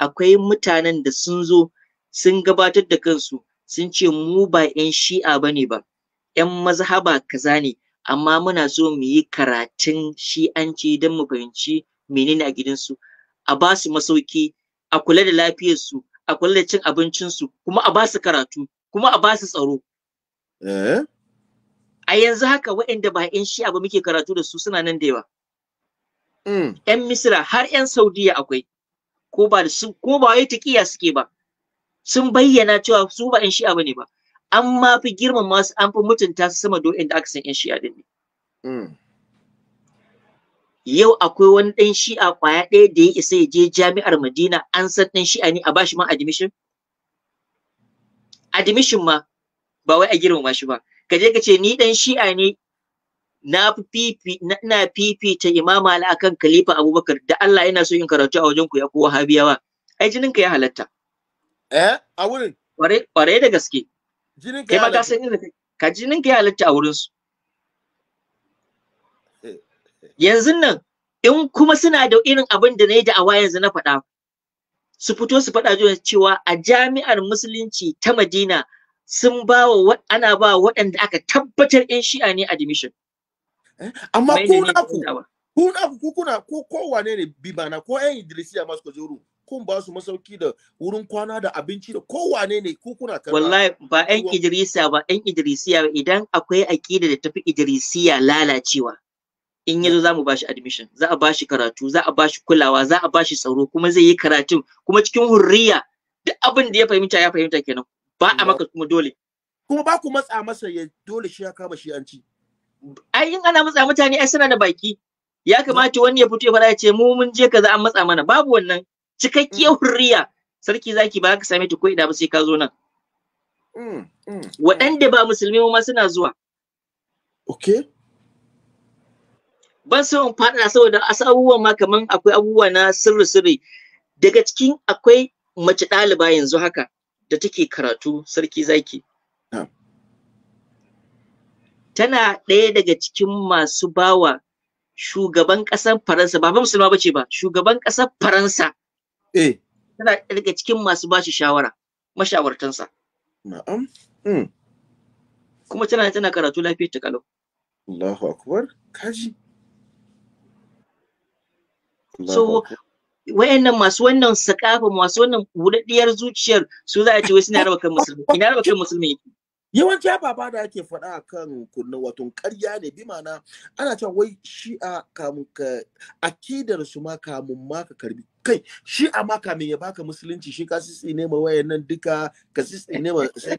akwai mutanen da sun zo sun gabatar da kansu sun ce mu ba 'yan shi'a ba ne ba ‘yan mazhaba kaza ne, amma muna so mu yi karatun shi'anci don mu fahimci menene a gidansu, a ba su masauki, a kula da lafiyarsu, a kula da cin abincinsu, kuma a ba su karatu, kuma a ba su tsaro. Eh? A yanzu haka waɗanda ba ‘yan shi'a ba muke karatu da su suna nan da yawa. Mm. ‘Yan Misira har ‘yan Saudiya akwai, ko ba da su, ko suke ba. Sun bayyana cewa su ba ‘yan shi'a ba ne ba. an ma fi girmama su an fi mutunta su sama do'in da aka san yan shi'a din ne mm. yau akwai wani ɗan shi'a kwaya ɗaya da ya isa ya je jami'ar madina an san ɗan shi'a ne a ba shi ma admission admission ma ba wai a girmama shi ba ka je ka ce ni ɗan shi'a ne na fifi na fifita imama ala akan khalifa abubakar da Allah yana so in karatu a wajen ku ya ko wahabiyawa ai jinin ka ya halatta eh a wurin kware kware da gaske jinin ka ya san irin ka jinin ka ya halatta a wurin su yanzu nan in kuma suna da irin abin da na yi awa yanzu na faɗa su fito su faɗa jiya cewa a jami'ar musulunci ta madina sun ba wa ana ba waɗanda aka tabbatar yan shi'a ne admission eh, amma ku na ku ku na ku kuna ko kowane ne bibana ko yan idrisiya masu kujuru kun ba su masauki da wurin kwana da abinci da kowane ne ku kuna karɓa wallahi ba ɗan idrisiya ba ɗan idrisiya idan akwai aƙida da tafi idrisiya lalacewa in yazo za mu bashi admission za a bashi karatu za a bashi kulawa za a bashi tsaro kuma zai yi karatun kuma cikin hurriya duk abin da ya fahimta ya fahimta kenan ba a maka kuma dole kuma ba ku matsa masa ya dole shi ya kama shi an ci ai in ana matsa mutane ai suna da baki ya kamata wani ya fito ya fara ya ce mu mun je kaza an matsa mana babu wannan cikakkiyar hurriya mm. sarki zaki ba ka same ta ko ina ba sai ka zo nan mm, mm, waɗanda ba musulmi ma suna zuwa okay ban so in faɗa saboda asu abubuwan ma kaman akwai abubuwa na sirri sirri daga cikin akwai mace ɗaliba yanzu haka da take karatu sarki zaki tana ɗaya daga cikin masu bawa shugaban ƙasar Faransa ba musulma bace ba shugaban ƙasar Faransa eh tana daga cikin masu bashi shawara mashawartansa na'am mm. kuma tana tana karatu lafiyar ta kalau Allahu akbar kaji so wayannan masu wannan sakafa masu wannan budaddiyar zuciyar su za a ce wai suna raba kan musulmi ina raba kan musulmi yake yawanci ababa da ake faɗa a kan kunna wato karya ne bi ma'ana ana cewa wai shi'a kamun ka akidar su ma kamun ma ka karbi kai shi'a ma kamun ya baka musulunci shi ka sisi ne ma wayan nan duka ka sisi ne ma sai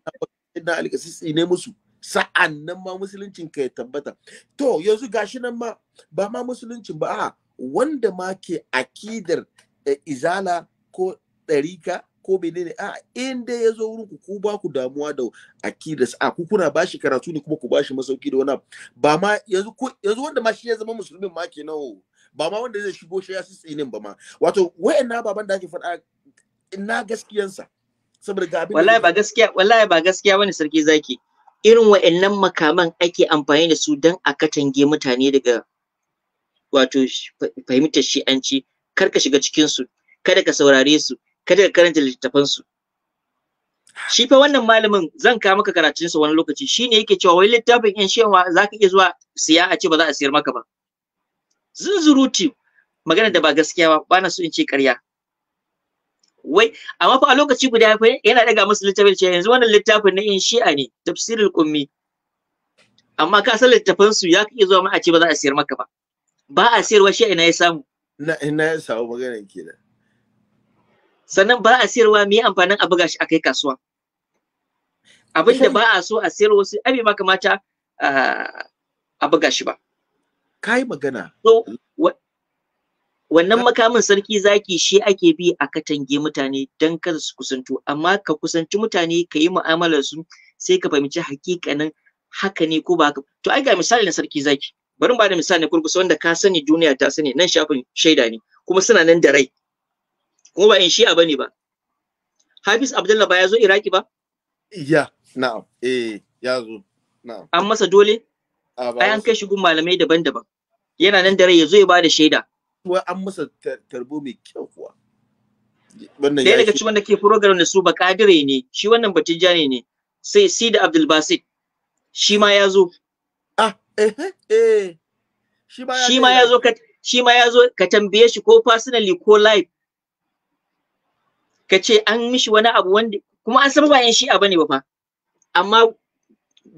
na sisi ne musu sa'an nan ma musuluncin ka ya tabbata to yanzu gashi nan ma ba ma musuluncin ba a wanda ma ke akidar eh, izala ko ɗarika ko menene a in dai ya zo wurin ku ba ku damuwa da akidas a ku kuna bashi karatu ne kuma ku bashi masauki da wani ba ma yanzu yanzu wanda ma shi ya zama musulmin ma kenan ba ma wanda zai shigo shi ya ne ba ma wato wayannan baban da ake faɗa ina gaskiyansa saboda ga abin wallahi ba gaskiya wallahi ba gaskiya bane sarki zaki irin wayannan makaman ake amfani da su dan a katange mutane daga wato fahimtar shi'anci kar ka shiga cikin su kada ka saurare su kada ka karanta littattafan su shi fa wannan malamin zan ka maka karatun sa wani lokaci shine yake cewa wai littafin yan shewa zaka iya zuwa siya a ce ba za a siyar maka ba zunzuruti magana da ba gaskiya ba bana so in ce ƙarya wai amma fa a lokaci guda fa yana daga musu littafin ce yanzu wannan littafin na yan shi'a ne tafsirul qummi amma ka san littafin su ya iya zuwa mu a ce ba za a siyar maka ba ba a siyarwa shi ina ya samu ina ya samu maganar kenan sannan ba a siyarwa me amfanin a buga a kai kasuwa abin da ba a so a siyar wasu abi ma kamata a buga shi ba kai magana so wannan makamin sarki zaki shi ake bi a katange mutane don kada su kusantu amma ka kusanci mutane ka yi mu'amalar su sai ka fahimci hakikanin haka ne ko ba haka to ai ga misali na sarki zaki bari ba da misali na kurkusa wanda ka sani duniya ta sani nan shafin shaida ne kuma suna nan da rai ko ba in a bane ba Hafiz Abdullahi ba ya zo Iraki ba ya na'am eh ya zo na'am an masa dole ai an kai shi gun malamai daban-daban yana nan da rai ya zo ya bada shaida kuwa an masa tarbo mai kyau kuwa wannan ya daga cikin wanda ke program da su ba kadire ne shi wannan batijani ne sai Sida Abdul Basit shi ma ya zo ah eh eh shi ma ya zo ka shi ma ya zo ka tambaye shi ko personally ko live ka ce an mishi wani abu wanda kuma an san ba shi shi'a ne ba fa amma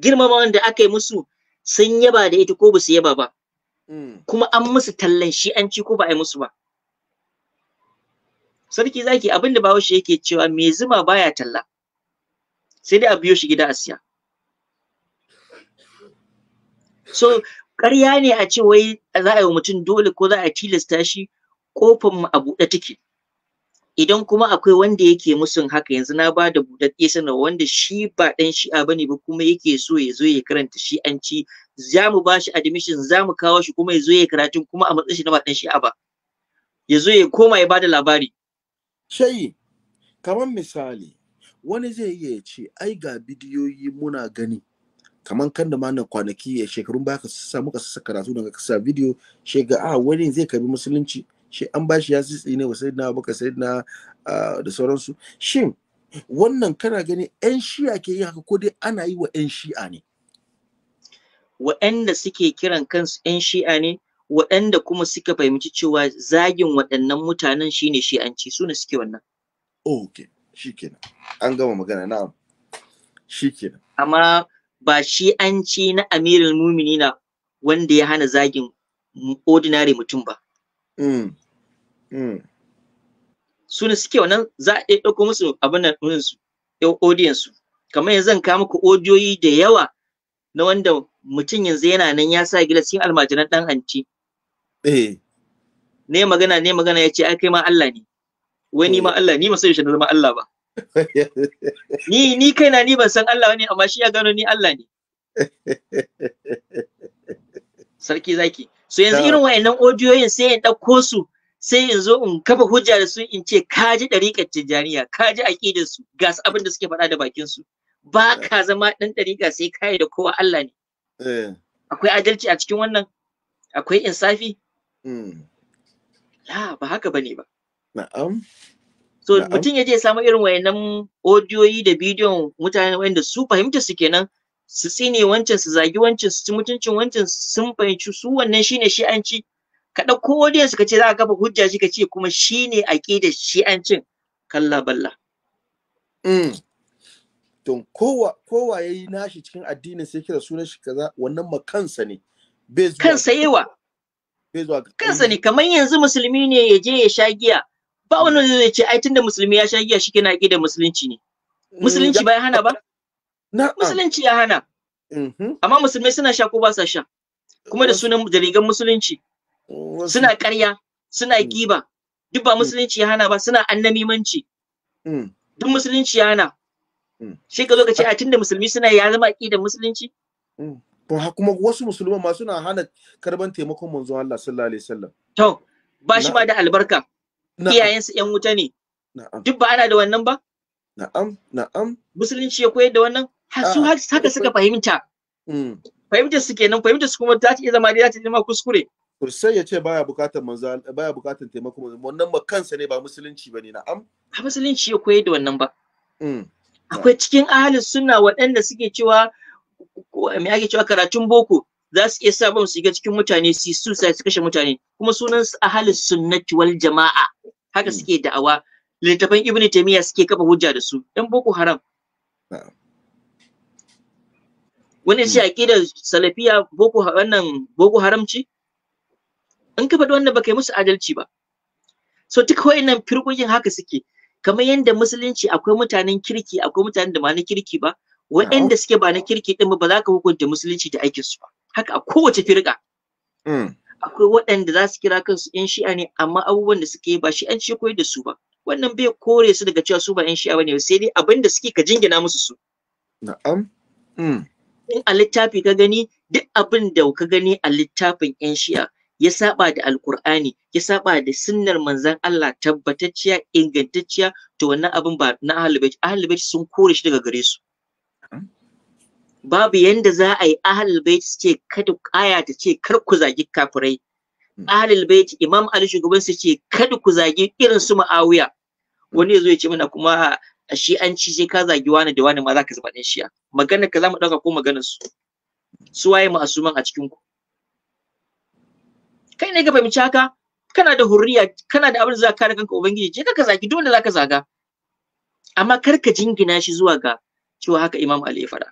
girmama wanda aka yi musu sun yaba da ita ko basu yaba ba hmm. kuma an musu tallan shi'anci ko ba a yi musu ba sarki zaki abin da bahaushe yake cewa me zuma baya talla sai dai a biyo shi gida asiya so ƙarya ne a ce wai za a yi wa mutum dole ko za a tilasta shi kofin mu a buɗe take idan kuma akwai wanda yake musun haka yanzu na ba da buɗaɗɗe sanarwa wanda shi ba ɗan shi'a ba ba kuma yake so ya zo ya karanta shi'anci za mu ba shi admission za mu kawo shi kuma ya zo ya karatu kuma a matsayin shi na ba dan shi'a ba ya zo ya koma ya ba da labari. Shayi, kamar misali wani zai iya ce ai ga bidiyoyi muna gani kamar kan da mana kwanaki ya shekarun baya ka sa muka sassa karatu daga ka sa bidiyo shega a ah, wani zai karbi musulunci shi an bashi ya sisi ne wa sayyidina abubakar na da sauransu shin wannan kana gani yan shi'a ke yin haka ko dai ana yi wa yan shi'a ne waɗanda suke kiran kansu yan shi'a ne waɗanda kuma suka fahimci cewa zagin waɗannan mutanen shine shi'anci su ne suke wannan ke shikenan an gama magana na'am shikenan amma ba shi'anci na amirul na wanda ya hana zagin ordinary mutum ba. Mm. Hmm. su ne suke wannan za a ɗauko musu abin nan audience su kamar yanzu zan kawo muku odiyoyi da yawa na wanda mutum yanzu yana nan ya sa gida cikin almajiran dan hanci eh ne magana ne magana ya ce ai kai ma Allah ne wai ni ma eh. Allah ni ba sai shi zama Allah ba ni ni kaina ni ban san Allah ne amma shi ya gano ni Allah ne sarki zaki so yanzu irin wayannan odiyoyin sai ya ɗauko su sai in zo in kafa hujja da su in ce ka ji ɗariƙar tijjaniya ka ji aƙidar su ga abin da suke faɗa da bakinsu. su ba eh. ka zama ɗan ɗariƙa sai ka yi da kowa Allah ne eh. akwai adalci a cikin wannan akwai insafi hmm. la ba haka bane ba na'am so mutum ya je samu irin wayannan odiyoyi da bidiyon mutane wanda su fahimta su kenan su tsine wancan su zagi wancan su ci mutuncin wancan sun fahimci su wannan shine shi an ci ka ɗauko audience ka ce za ka kafa hujja shi ka ce kuma shi ne aƙidar shi'ancin kalla balla. Don mm. kowa kowa ya yi nashi cikin addinin sai kira sunan shi kaza wannan ma kansa ne. Kansa yawa. Kansa ne kamar yanzu musulmi ne ya je ya sha giya. Ba wani mm. zai ce ai tunda musulmi ya sha giya shi kina aƙidar musulunci ne. Mm, musulunci ba ya hana ba? Musulunci ya hana. Mm-hmm. Amma musulmi suna sha ko ba sa sha. Kuma da sunan da rigar musulunci. suna ƙarya suna mm. giba duk ba mm. musulunci ya hana ba suna annamimanci mm. duk musulunci ya hana shi ka zo ka ce a tunda musulmi suna ya zama ƙidan musulunci to kuma wasu musulman ma suna hana karban taimakon manzo Allah sallallahu alaihi wasallam to ba shi ma da albarka iyayensu yan wuta ne duk ba ana da wannan ba na'am na'am musulunci ya koyar da wannan su haka suka fahimta fahimtar su kenan fahimtar su kuma ta ce zama da ta zama kuskure to ya ce baya bukatar manzo baya bukatar taimako wannan ma kansa ne ba musulunci bane am? Ba musulunci ya koyi da wannan ba mm. akwai cikin ahli sunna waɗanda suke cewa me ake cewa karatun boko za su iya sa bam su shiga cikin mutane su su sai su kashe mutane kuma sunan su ahli sunnati wal jama'a haka mm. suke da'awa littafan ibnu taymiya suke kafa hujja da su dan boko haram wani shi mm. aqidar salafiya boko wannan boko haramci in ka faɗi wannan baka yi musu adalci ba so duk wayannan firƙoƙin haka suke kamar yadda musulunci akwai mutanen kirki akwai mutanen da ba na kirki ba waɗanda suke ba na kirki din ba za ka hukunta musulunci da aikin su ba haka a kowace firƙa mm. akwai waɗanda za su kira kansu yan shi'a ne amma abubuwan da suke ba shi an ce koyi da su ba wannan bai kore su daga cewa su ba yan shi'a bane sai dai abin da suke ka jingina musu su na'am mm. in a littafi ka gani duk abin da ka gani a littafin yan shi'a ya saba da alkur'ani ya saba da sunnar manzan Allah tabbatacciya ingantacciya to wannan abin ba na ahlul bait ahlul bait sun kore shi daga gare su babu yanda za a yi ahlul bait su ce kada aya ta ce kar ku zagi kafirai hmm. ahlul bait imam ali shugaban su ce kada ku zagi irin su muawiya hmm. wani yazo ya ce mana kuma shi an ci sai ka zagi wani da wani ma zaka zama shi shiya magana ka za mu dauka ko maganar su su waye ma'asuman a cikin ku kai ne ka fahimci haka kana da hurriya kana da abin da za ka kare kanka ubangiji je ka zaki duk wanda za ka zaga amma kar ka jingina shi zuwa ga cewa haka imam ali ya faɗa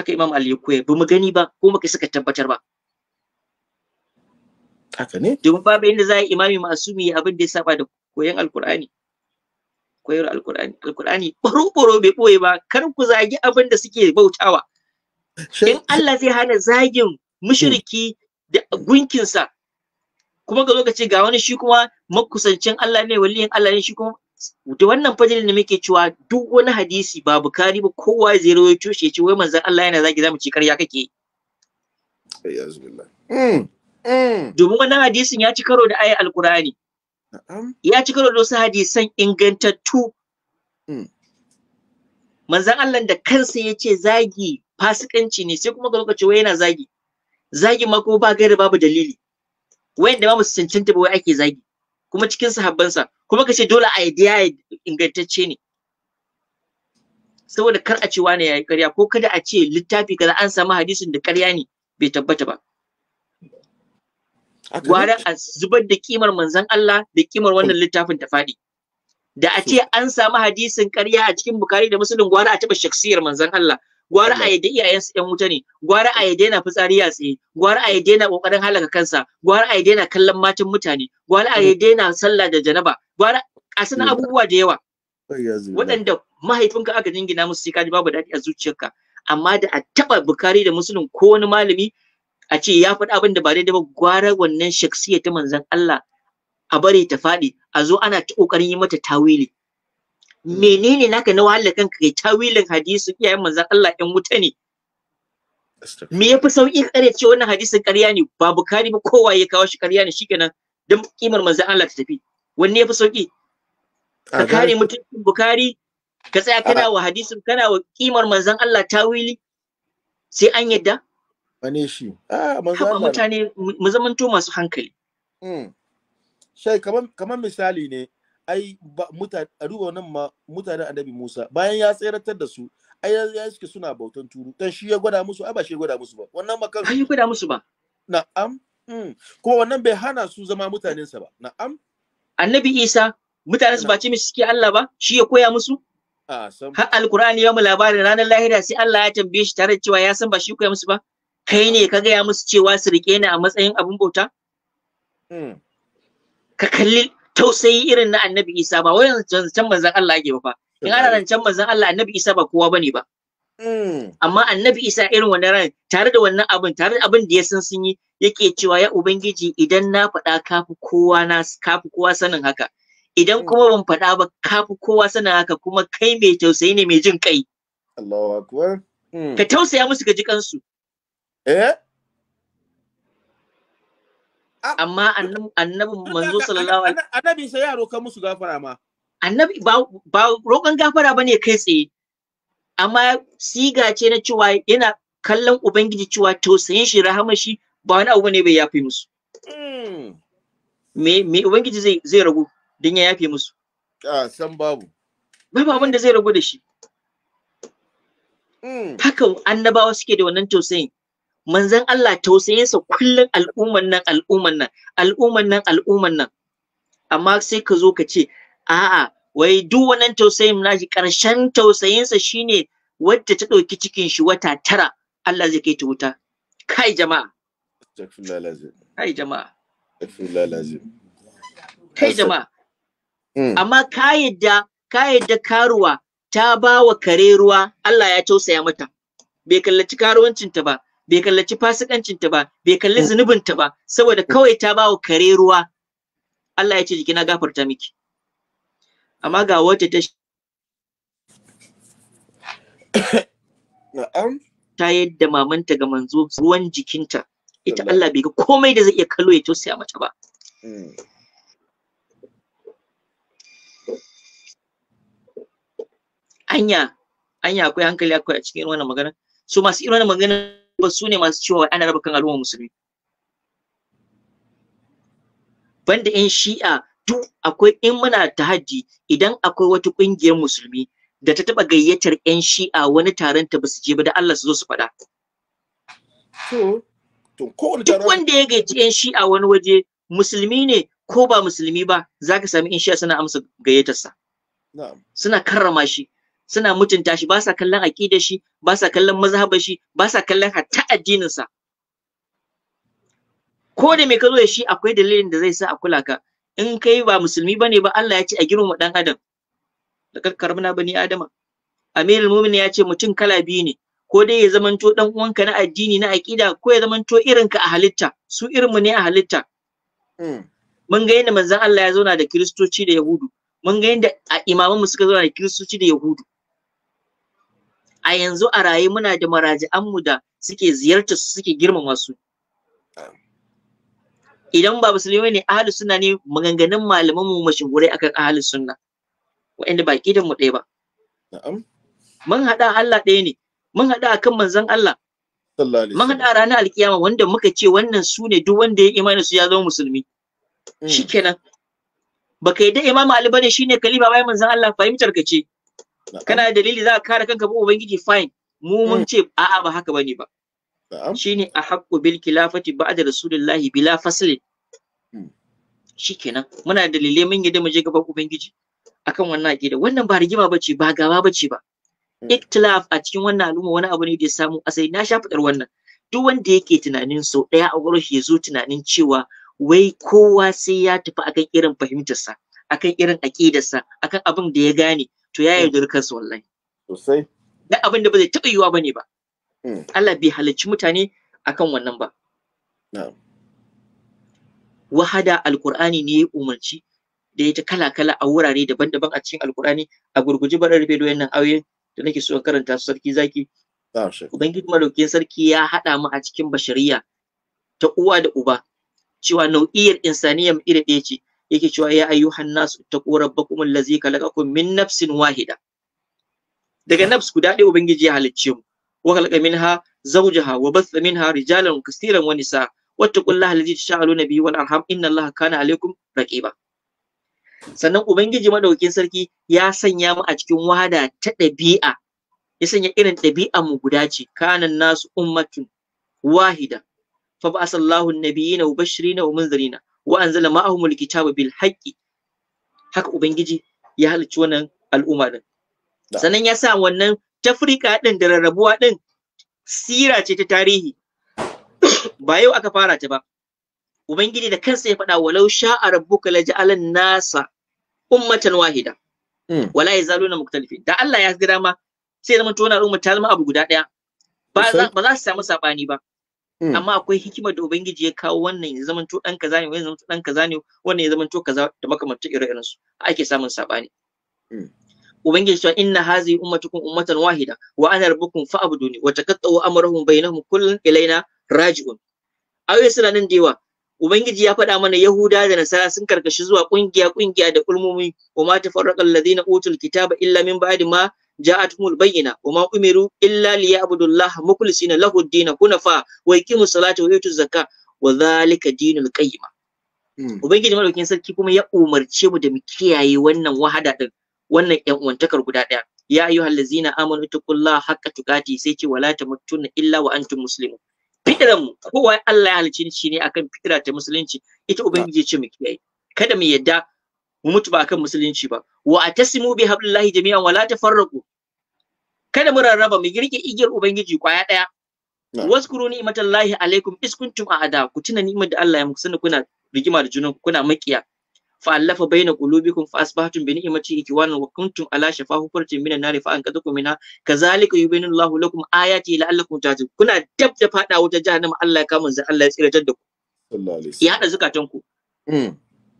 haka imam ali ya koya ba mu gani ba ko muka saka tabbatar ba haka ne domin babu inda za a yi imami masumi abin da ya saba da koyon alkur'ani koyar alkur'ani alkur'ani baro-baro bai ɓoye ba kar ku zagi abin da suke bautawa in Allah zai hana zagin mushriki da gunkinsa kuma ga lokaci ga wani shi kuma makusancin Allah ne waliyin Allah ne shi kuma da wannan fajilin da muke cewa duk wani hadisi ba bukari ba kowa zai rawaito shi ce wai manzon Allah yana zagi zamu ci karya kake eh, eh. domin wannan hadisin ya ci karo da ayat alkurani ya ci karo da wasu hadisan ingantattu hmm. manzon Allah da kansa ya ce zagi fasikanci ne sai kuma ga lokaci wai yana zagi zagi ma ko ba gaira babu dalili wayanda ba musu cancanta ba wai ake zagi kuma cikin sahabbansa kuma ka ce dole a yadda ingantacce ne saboda kar a ce wani yayi ƙarya ko kada a ce littafi kaza an samu hadisin da ƙarya ne bai tabbata ba gwara a zubar da kimar manzon Allah da kimar wannan littafin ta faɗi da a ce an samu hadisin ƙarya a cikin bukari da musulun gwara a taɓa shaksiyar manzon Allah gwara a yadda su yan wuta ne gwara a yadda yana fitsari ya tsaye gwara a yadda yana kokarin halaka kansa gwara a yadda yana kallon matan mutane gwara a mm. yadda yana sallah da janaba gwara a sana mm. abubuwa da yawa waɗanda mahaifinka aka jingina musu sai kaji babu daɗi a zuciyarka amma da a taɓa bukari da musulun ko wani malami a ce ya faɗi abin da ba daidai ba gwara wannan shaksiya ta manzon Allah a bari ta faɗi a zo ana ta ƙoƙarin yi mata tawili menene naka na wahala kanka kai tawilin hadisi iyayen manzon Allah ɗan wuta ne me yafi sauki kare ce wannan hadisin ƙarya ne ba bukari ba kowa ya kawo shi ƙarya ne shikenan dan kimar manzon Allah ta tafi wanne yafi sauki ka kare mutuncin bukari ka tsaya kana wa hadisin kana wa kimar manzon Allah tawili sai an yadda wane shi ah manzon Allah mutane mu to masu hankali hmm. kamar misali ne ai mutane a duba wannan ma mutanen annabi Musa bayan ya tseratar da su ai ya suke suna bautan turu dan shi ya gwada musu ai ba shi ya gwada musu ba wannan makan ai ya gwada musu ba na'am mm. kuma wannan bai hana su zama mutanen sa ba na'am annabi Isa mutanen su ba ce mishi suke Allah ba shi ya koya musu har alkur'ani ya mu labarin ranar lahira sai Allah ya tambaye shi tare da cewa ya san ba shi koya musu ba kai ne ka gaya musu cewa su rike ni a matsayin abin bauta mm. ka kalli tausayi irin na annabi isa ba wai zancen manzan Allah ake ba fa in ana zancen manzan Allah annabi isa ba kowa bane ba hmm. amma annabi isa irin wannan ran tare da wannan abin tare da abin da ya san sun yi yake cewa ya ubangiji idan na faɗa kafi kowa na kafi kowa sanin haka idan hmm. kuma ban faɗa ba kafi kowa sanin haka kuma kai mai tausayi ne mai jin kai Allahu akbar hmm. ka tausaya musu ka ji kansu eh amma annabin manzo sallallahu alaihi annabi sai ya roka musu gafara ma annabi ba ba roƙon gafara bane kai tsaye amma siga ce na cewa yana kallon ubangiji cewa tausayin shi rahama shi ba wani abu ne bai yafi musu hmm. me me ubangiji zai zai ragu dan ya yafe musu a san babu babu abin da zai ragu da shi hmm. Haka annabawa suke da wannan tausayin manzan Allah tausayinsa kullum al'umman nan al'umman nan al'umman nan al'umman nan amma sai ka zo ka ce a'a wai duk wannan tausayin nashi karshen tausayinsa shine wadda ta ɗauki cikin shi wata tara Allah zai kai ta wuta kai jama'a kai jama'a kai jama'a hmm. amma ka yadda ka yadda karuwa ta ba wa kare ruwa Allah ya tausaya mata bai kallaci karuwancinta ba bai kallaci fasikancinta ba bai kalli mm. zunubinta ba saboda mm. kawai ta ba wa kare ruwa Allah ya ce jiki na gafarta miki amma ga wata ta na'am ta yadda mamanta ga manzo ruwan jikinta ita Allah bai ga komai da zai iya kallo ya tausaya mata ba mm. anya anya akwai hankali akwai a cikin wannan magana su masu irin wannan magana ba su ne masu cewa ana raba kan al'umma musulmi banda yan shi'a duk akwai in muna tahaddi idan akwai wata kungiyar musulmi da ta taba gayyatar yan shi'a wani taron ta basu je ba da Allah su zo su faɗa duk wanda ya gayyaci yan shi'a wani waje musulmi ne ko ba musulmi ba zaka sami yan shi'a suna amsa gayyatarsa suna karrama shi suna mutunta shi ba sa kallon aqidar shi ba sa kallon mazhabar shi ba sa kallon hatta addinin sa ko da me ka zo da shi akwai dalilin da zai sa a kula ka in kai ba musulmi bane ba Allah ya ce a girmama dan adam da karkarmuna bani adama amirul mu'minin ya ce mutum kala biyu ne ko dai ya zamanto dan uwanka na addini na aƙida ko ya zamanto irinka a halitta su irinmu ne a halitta hmm. mun ga yadda manzon Allah ya zauna da kiristoci da yahudu mun ga yadda imamanmu suka zauna da kiristoci da yahudu a yanzu a raye muna da maraji'anmu da suke ziyartar su suke girmama su idan ba musulmi ne ahli sunna ne maganganun malaman mu mashuhurai akan ahli sunna wa'anda baki da mu ɗaya ba mun haɗa Allah ɗaya ne mun haɗa akan manzon Allah mun haɗa ranar alkiyama wanda muka ce wannan su ne duk wanda ya imani su ya zama musulmi mm. shikenan baka yadda imam Ali bane shine Kalifa, bai manzon Allah fahimtar ka ce kana dalili za ka kare kanka ba ubangiji fine mu mun hmm. ce a'a ba haka bane ba shine a haqqu bil khilafati ba'da rasulillahi bila fasl hmm. shikenan muna dalilai mun yadda mu je gaban ubangiji akan wannan aqida wannan ba rigima bace ba gaba bace ba hmm. ikhtilaf a cikin wannan al'umma wani abu ne da ya samu asali na sha fadar wannan duk wanda yake tunanin so daya a gurin ya zo tunanin cewa wai kowa sai ya tafi akan irin fahimtarsa akan irin aƙidarsa akan abin da ya gane to ya hmm. yaudari su wallahi sosai da abin da ba zai taɓa yiwuwa bane ba hmm. Allah bai halarci mutane akan wannan ba wahada alqur'ani ne ya umarci da ya ta kala-kala a wurare daban-daban a cikin alkur'ani a gurguje barin rufe doyen nan auyen da nake so karanta su sarki zaki ubangiji madaukakin sarki ya haɗa mu a cikin bashariya ta uwa da uba cewa nau'iyar Insaniyar mu iri ɗaya ce yake cewa ya ayyuhan nas taqu rabbakum allazi khalaqakum min nafsin wahida daga nafs guda ɗaya ubangiji ya halicce mu wa khalaqa minha zawjaha wa batha minha rijalan kaseeran wa nisaa wattaqullaha allazi tashaaluna bihi wal arham inna allaha kana alaykum raqiba sannan ubangiji madaukakin sarki ya sanya mu a cikin wahada ta ɗabi'a ya sanya irin ɗabi'a mu guda ce kana nasu ummatin wahida fa ba'asallahu an-nabiyina mubashirina wa munzirina wa anzala ma'ahumul kitaba bil haqqi haka ubangiji ya halicci wannan al'umma din sannan ya sa wannan tafrika din da rarrabuwa din sira ce ta tarihi ba yau aka fara ta ba ubangiji da kansa ya faɗa walau sha'a rabbuka ja'alan nasa ummatan wahida hmm. wala yazaluna mukhtalifin da Allah ya gida ma sai zama tona al'umma ta zama abu guda daya ba za su samu sabani ba Hmm. amma akwai hikima da ubangiji ya kawo wannan ya zama to dan kaza ne wannan ya zama to dan kaza ne wannan ya zama to kaza da makamantan ire-iren su ake samun sabani hmm. ubangiji cewa inna hazihi ummatukum ummatan wahida wa ana rabbukum fa'buduni wa taqattu amruhum bainahum kullun ilaina raji'un ayoyi suna nan da yawa ubangiji ya faɗa mana yahuda da nasara sun karkashi zuwa kungiya kungiya da ulmomi wa ma tafarraqa alladhina utul kitaba illa min ba'di ma ja'atuhumul bayyina wa ma umiru illa liya'budullaha mukhlisina lahu ad-din hunafa wa yuqimu salata wa yutu zakka wa dhalika dinul qayyima hmm. ubangiji madaukakin sarki kuma ya umarce mu da mu kiyaye wannan wahada din wannan yan uwantakar guda daya ya ayyuhal ladzina amanu taqullaha haqqa tuqati sai ce wala tamutunna illa wa antum muslimun fitran mu kowa Allah ya halicci ne akan fitra ta musulunci ita ubangiji ce mu kiyaye kada mu yadda mu mutu ba akan musulunci ba wa atasimu bi hablillahi jami'an wa la tafarraqu kada mu rarraba mu girke igiyar ubangiji kwaya daya waskuru ni'matallahi alaikum iskuntum ahada ku tuna ni'imar da Allah ya muku sanin kuna rigima da junan kuna makiya fa allafa baina qulubikum fa asbahtum bi ni'mati ikwan wa kuntum ala shafa min an nari fa anqadhakum minha kazalika yubayyinu Allahu lakum ayati la'allakum tahtadun kuna dab da fada wata jahannama Allah ya kama zan Allah ya tsiratar da ku ya da zukatan ku mm.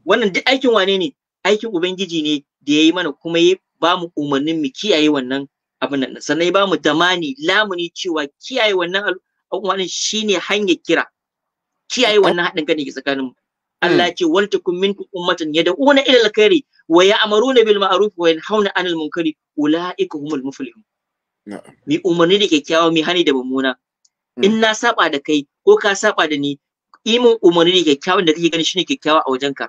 wannan duk aikin wane ne aikin ubangiji ne da ya yi mana kuma ya ba mu umarnin mu kiyaye wannan abin nan sannan ya ba mu damani lamuni cewa kiyaye wannan shi ne hanyar kira kiyaye wannan haɗin kan yake tsakanin mu hmm. Allah ce wal takum minkum ummatan yad'una ila alkhairi wa ya'muruna bil ma'ruf wa yanhauna 'anil munkari ulaika humul muflihun mi umarni da kyakkyawa mi hani da mummuna hmm. in na saba da kai ko ka saba da ni imin umarni da kyakkyawan da kake gani shine kyakkyawa a wajenka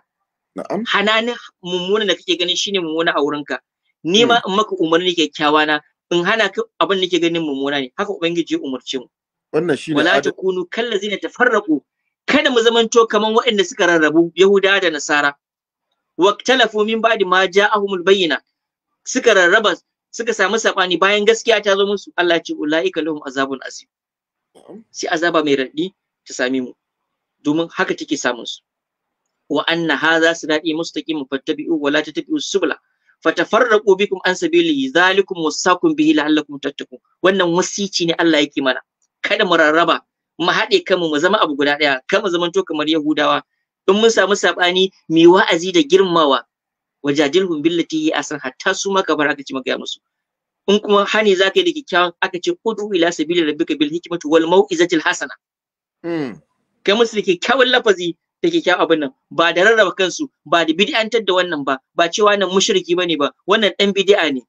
hananin mummunan da kake ganin shine mummuna a wurin ka ni hmm. ma in maka umarni kyakkyawa na in hana ka abin da ke ganin mummuna ne haka ubangiji ya umarce mu wannan shine wala takunu kallazina tafarraqu kada mu zamanto kaman waɗanda suka rarrabu Yahuda da nasara waktalafu min ba'di ma ja'ahumul bayyina suka rarraba suka samu sabani bayan gaskiya ta zo musu Allah ce ulaika lahum azabun azim sai azaba mai raɗi ta sami mu domin haka take samun su wa anna hadha sirati mustaqim fattabi'u wa la tattabi'u subula fatafarraqu bikum an sabilihi zalikum wasakum bihi la'allakum tattaqun wannan wasici ne Allah yake mana kada mu rarraba mu haɗe kanmu mu zama abu guda ɗaya kan mu zamanto kamar Yahudawa in mun samu sabani mai wa'azi da girmawa wajadilhum billati hi asan hatta su maka bar aka ci maka musu in kuma hani za ka yi da kyakkyawan aka ce kudu ila sabili rabbika bil hikmatu wal mau'izatil hasana hmm. kai musu da kyakkyawan lafazi da kyakkyawan abin nan ba da rarraba kansu ba da bid'antar da wannan ba ba cewa nan mushriki bane ba wannan dan bid'a ne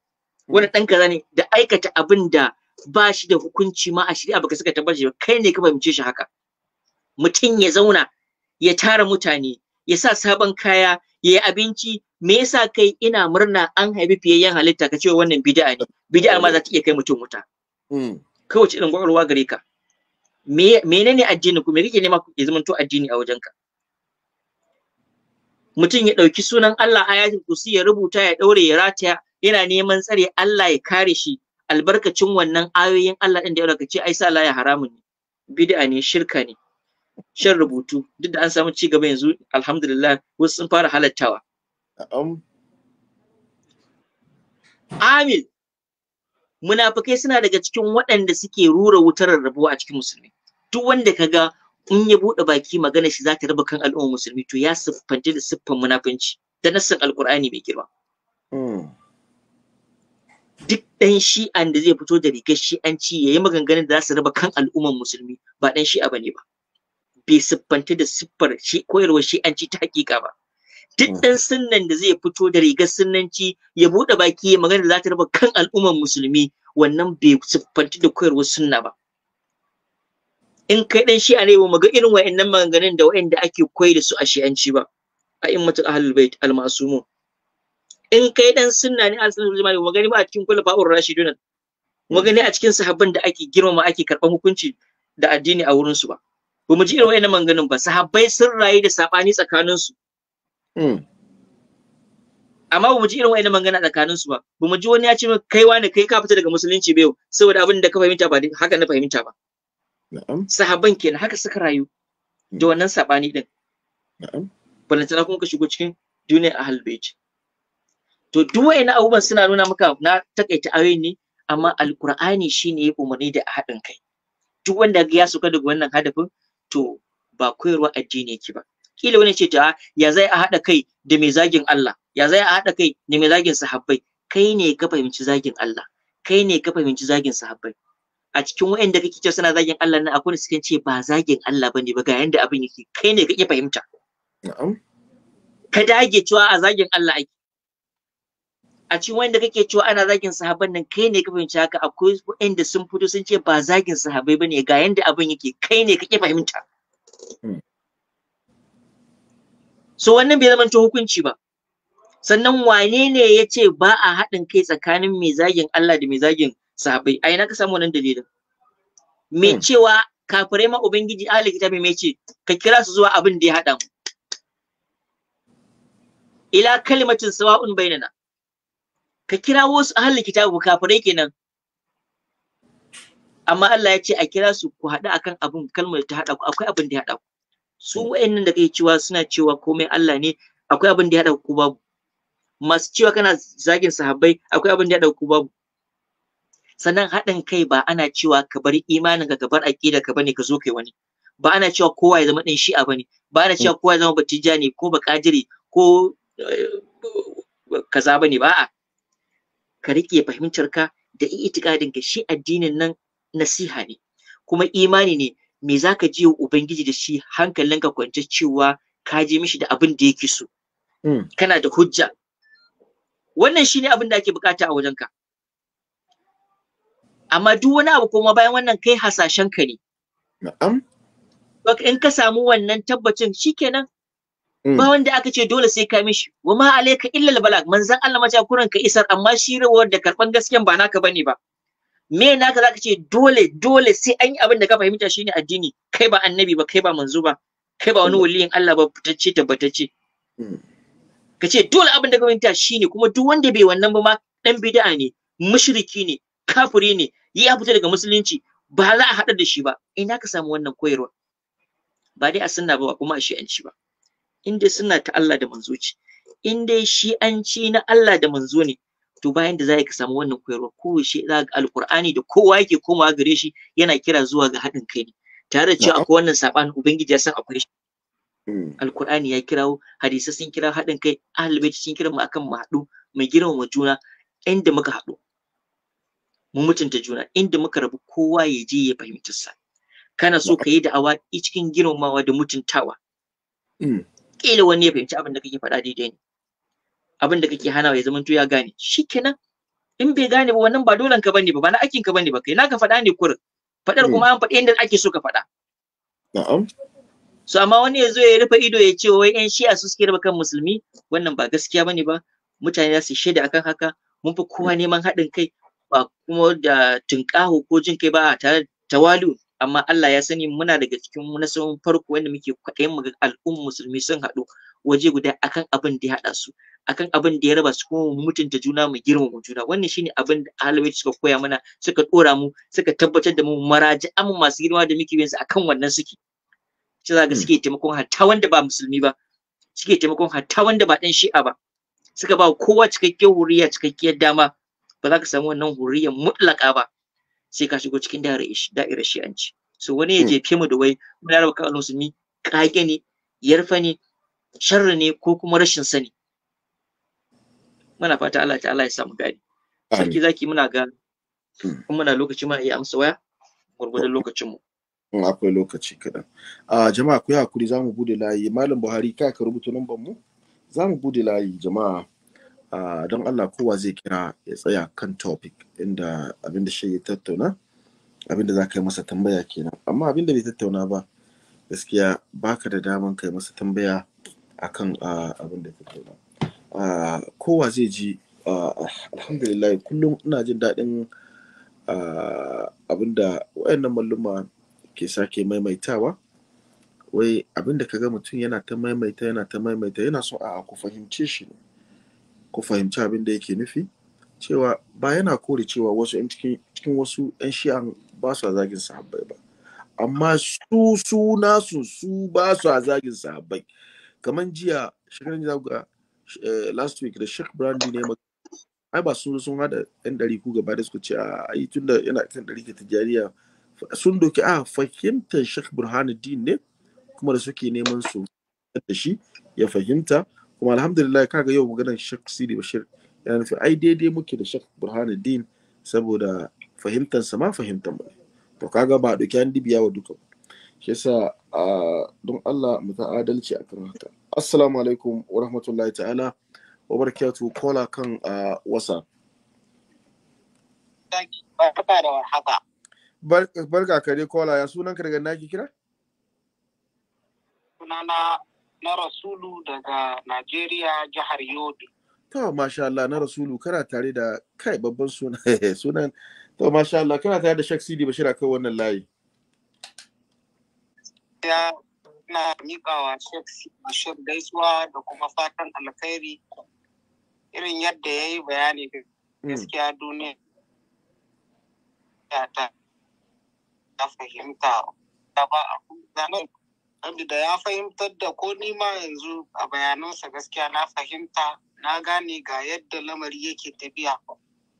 wannan dan kaza ne da aikata abin da ba shi da hukunci ma a shari'a baka suka ba kai ne ka fahimce shi haka mutum ya zauna ya tara mutane ya sa sabon kaya ya yi abinci me yasa kai ina murna an haifi fiyayyen halitta ka ce wannan bid'a ne bid'a ma za ta iya kai mutum wuta hmm. kawai ce irin gwagwarwa gare ka menene addini ku me kake nema ya zama to addini a wajen ka? mutum ya ɗauki sunan Allah ayatul kursi ya rubuta ya ɗaure ya rataya yana neman tsare Allah ya kare shi albarkacin wannan ayoyin Allah ɗin da ya rakaci ai sa ya haramun ne bid'a ne shirka ne shan rubutu duk da an samu ci gaba yanzu alhamdulillah wasu sun fara halattawa amil munafukai suna daga cikin waɗanda suke rura wutar rabuwa a cikin musulmi duk wanda ka ga. in ya buɗe baki magana shi za ta raba kan al'ummar musulmi to ya siffanci da siffan munafunci da nassin alkur'ani mai girma hmm. duk ɗan shi'an da zai fito da rigar shi'anci ya yi maganganun da za su raba kan al'ummar musulmi ba ɗan shi'a ba ne ba bai siffanta da siffar koyarwar shi'anci ta hakika ba duk hmm. ɗan sunnan da zai fito da rigar sunnanci ya buɗe baki magana da za ta raba kan al'ummar musulmi wannan bai siffanta da koyarwar sunna ba in kai dan shi'a ne ba mu ga irin wa'annan maganganun da wa'anda ake koyi da su a shi'anci ba a in mutu ahlul bait al ma'sumun in kai dan sunna ne al sunnatul jama'a mu gani ba a cikin kulafa'ur rashidun mu gani a cikin sahabban da ake girmama ake karban hukunci da addini a wurin su ba ba mu ji irin wa'annan maganganun ba sahabbai sun rayu da sabani tsakanin su hmm. amma ba mu ji irin wa'annan maganganun tsakanin su ba ba mu ji wani ya ce kai wani kai ka fita daga musulunci bai saboda abin da ka fahimta ba haka na fahimta ba sahaban kenan haka suka rayu da hmm. wannan sabani din balantana kuma ka shigo cikin duniya a bait to duk wayannan abubuwan suna nuna maka na takaita ayoyin ne amma alqur'ani shine ya umarni da haɗin kai duk wanda ya suka daga wannan hadafin to ba koyarwa addini yake ba kila wani ce ta ya zai a haɗa kai da mai zagin Allah ya zai a haɗa kai da mai zagin sahabbai kai ne ka fahimci zagin Allah kai ne ka fahimci zagin sahabbai a cikin wa'anda kake cewa suna zagin Allah nan akwai suke ce ba zagin Allah bane ba ga yanda abin yake kai ne kake fahimta ka dage cewa a zagin Allah ake a cikin wanda kake cewa ana zagin sahabban nan kai ne ka fahimci haka akwai wanda sun fito sun ce ba zagin sahabbai bane ga yanda abin yake kai ne kake fahimta hmm. so wannan bai zamanto hukunci ba sannan wane ne ya ce ba a haɗin kai tsakanin mai zagin Allah da mai zagin Sahabai! ai ina ka samu wannan dalilin me hmm. cewa kafirai ma ubangiji ahli kitabi me ce ka kira su zuwa abin da ya hada mu ila kalimatin sawa'un bainana ka kira wasu ahli kitabu kafirai kenan amma Allah ya ce a kira su ku haɗu akan abin kalmar ta haɗa ku akwai abin da ya haɗa ku su wayannan da kai cewa suna cewa komai Allah ne akwai abin da ya haɗa ku babu masu cewa kana zagin sahabbai akwai abin da ya haɗa ku babu sannan haɗin kai ba ana cewa ka bar imanin ka bar aƙida ka bane ka zo kai wani ba ana cewa kowa ya zama ɗan shi'a bane ba ana cewa kowa ya zama batija ne ko bakajiri ko eh, kaza bane ba a ka riƙe fahimtar ka da itikadin ka shi addinin nan nasiha ne kuma imani ne me zaka ji ubangiji da shi hankalinka kwance cewa ka je mishi da abin da yake so mm. kana da hujja wannan shine abin da ake bukata a wajenka amma duk wani abu kuma bayan wannan kai hasashen ka ne na'am in ka samu wannan tabbacin shikenan mm. ba wanda aka ce dole sai ka mishi wa ma alayka illa balag manzan Allah maja kuran ka isar amma shi rawar da karban gaskiyan ba naka bane ba me naka zaka ce dole dole sai an yi abin da ka fahimta shine addini kai ba annabi ba kai ba manzo ba kai ba wani mm. waliyin Allah ba fitacce tabbatacce mm. ka ce dole abin da ka fahimta shine kuma duk wanda bai wannan ba ma dan bid'a ne mushriki ne kafiri ne ya fita daga musulunci ba za a haɗa da shi ba ina ka samu wannan koyarwa ba dai a sunna ba kuma a shi'anci ba in sunna ta Allah da manzo ce in dai shi'anci na Allah da manzo ne to bayan da za ka samu wannan koyarwa shi za ga alqur'ani da kowa yake komawa gare shi yana kira zuwa ga haɗin kai ne tare da cewa akwai wannan saɓanin ubangiji ya san akwai shi hmm. alkur'ani ya kirawo hadisai sun kira haɗin kai ahlul sun kira mu akan mu haɗu mu girmama juna inda muka haɗu mu mutunta juna inda muka rabu kowa ya je ya fahimci sa kana so ka yi da'awa cikin girmamawa da mutuntawa mm. kila wani ya fahimci abin da kake faɗa daidai ne abin da kake hanawa ya zama ya gane shikenan in bai gane ba wannan ba dolan ka bane ba ba na aikin ka bane ba kai naka faɗa ne kur faɗar kuma mm. an faɗi inda ake so ka faɗa na'am so amma wani ya zo ya rufe ido ya ce wai yan shi'a su suke raba kan musulmi wannan ba gaskiya bane ba mutane za su shaida akan haka mun fi kowa mm. neman haɗin kai ba kuma da tunƙaho ko jin kai ba tare da tawali'u amma Allah ya sani muna daga cikin nasarorin farko wanda muke kwaɗayin mu ga al'ummar musulmi sun haɗu waje guda akan abin da ya haɗa su akan abin da ya raba su kuma mu mutunta juna mu girmama juna wannan shine abin da ahalbai suka koya mana suka ɗora mu suka tabbatar da mu maraji'an masu girma da muke bin su akan wannan suke shi za hmm. suke taimakon hatta wanda ba musulmi ba suke taimakon hatta wanda ba ɗan shi'a ba suka ba kowa cikakkiyar huriya cikakkiyar dama ba za ka samu wannan huriyar mutlaka ba sai ka shigo cikin da'irar shi'anci so wani ya hmm. jefe mu da wai muna raba kan musulmi kage ne yarfa ne sharri ne ko kuma rashin sani muna fata Allah ta'ala ya samu gani sarki zaki muna ga hmm. muna lokaci ma iya amsa waya gurgurdan lokacin mu in akwai lokaci kaɗan a jama'a ku yi hakuri za mu bude layi malam buhari ka ka rubuta lambar mu za mu bude layi jama'a don Allah kowa zai kira ya tsaya kan topic inda abinda shi ya tattauna abinda za ka yi masa tambaya kenan amma abinda bai tattauna ba gaskiya baka da daman kai masa tambaya akan da tattauna kowa zai ji alhamdulillah kullum ina jin daɗin abinda wayannan malluma ke sake maimaitawa wai abinda ga mutum yana ta maimaita yana ta maimaita yana so a ku fahimce shi ne ku fahimci abin da yake nufi cewa ba yana kore cewa wasu cikin wasu 'yan shi'an ba su zagin sahabbai ba amma su su nasu su ba su zagin sahabbai kamar jiya shekaran jiya ga eh, last week da Sheikh Brandy ne ai ba sun sun hada yan dari ku gaba da suka ce a ai tunda yana kan dari ke tijariya sun doki a fahimtar Sheikh Burhanuddin ne kuma da suke neman su da shi ya fahimta kuma alhamdulillah kaga yau maganar shak Sidi Bashir ya nufi ai daidai muke da shak Burhanuddin saboda fahimtansa ma fahimtar mu to kaga ba duki an dibiya wa duka shi yasa don Allah mu ta adalci kan haka assalamu alaikum wa rahmatullahi ta'ala wa barakatu kola kan a wasa barka da warhaka barka kare kola ya sunan ka daga naki kira sunana na rasulu daga Najeriya jihar Yobe. To masha Allah na rasulu kana tare da kai babban suna eh, sunan to masha Allah kana tare da Sheikh Sidi Bashir akan wannan layi. Ya na miƙawa Sheikh Sidi Bashir gaisuwa da kuma fatan alkhairi irin yadda ya yi bayani mm. gaskiya duniya ta fahimta ta ba a zanen saboda ya fahimtar da ko nima yanzu a bayanansa gaskiya na fahimta na gane ga yadda lamari yake tafiya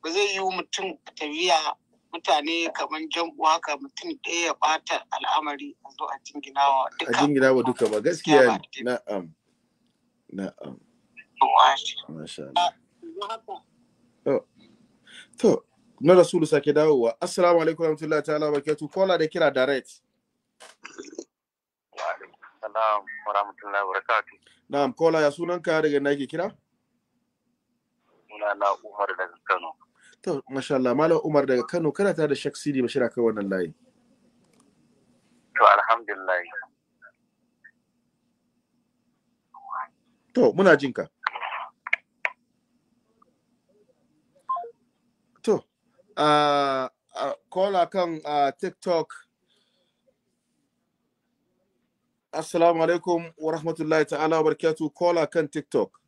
ba zai yi mutum tafiya mutane kamar jam'u haka mutum ɗaya ya ɓata al'amari a zo a jinginawa duka a jinginawa duka ba gaskiya na am. masha Allah to na rasulu sake dawowa assalamu alaikum warahmatullahi ta'ala barakatuh kola da kira direct Na'am, wa rahmatullahi wa barakatuh. Na'am, kola ya ka daga nake yake kira? Suna na Umar daga Kano. To, masha Allah, Malam Umar daga Kano, kana ta da Shek Sidi bashira kai wannan layi. To, alhamdulillah. To, muna jin ka. To, a ah, kola ah, kan ah, TikTok Assalamu alaikum wa rahmatullahi ta'ala wa kola kan TikTok.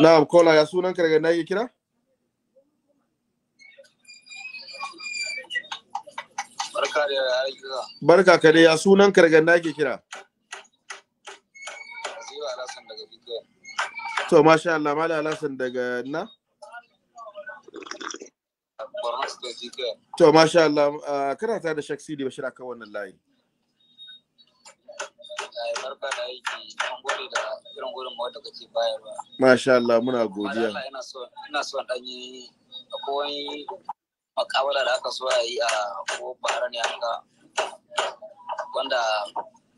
Na'am kola ya sunan ka daga nake kira? Barka da Barka ka dai ya sunan ka daga nake kira? To masha Allah mala Alhassan daga na? Borno State To, masha Allah, uh, kana ta da Shek Sidi Bashir akan wannan layi. Masha Allah, muna godiya. Ina so ɗan yi akwai makawala da aka so a yi a ko bara ne wanda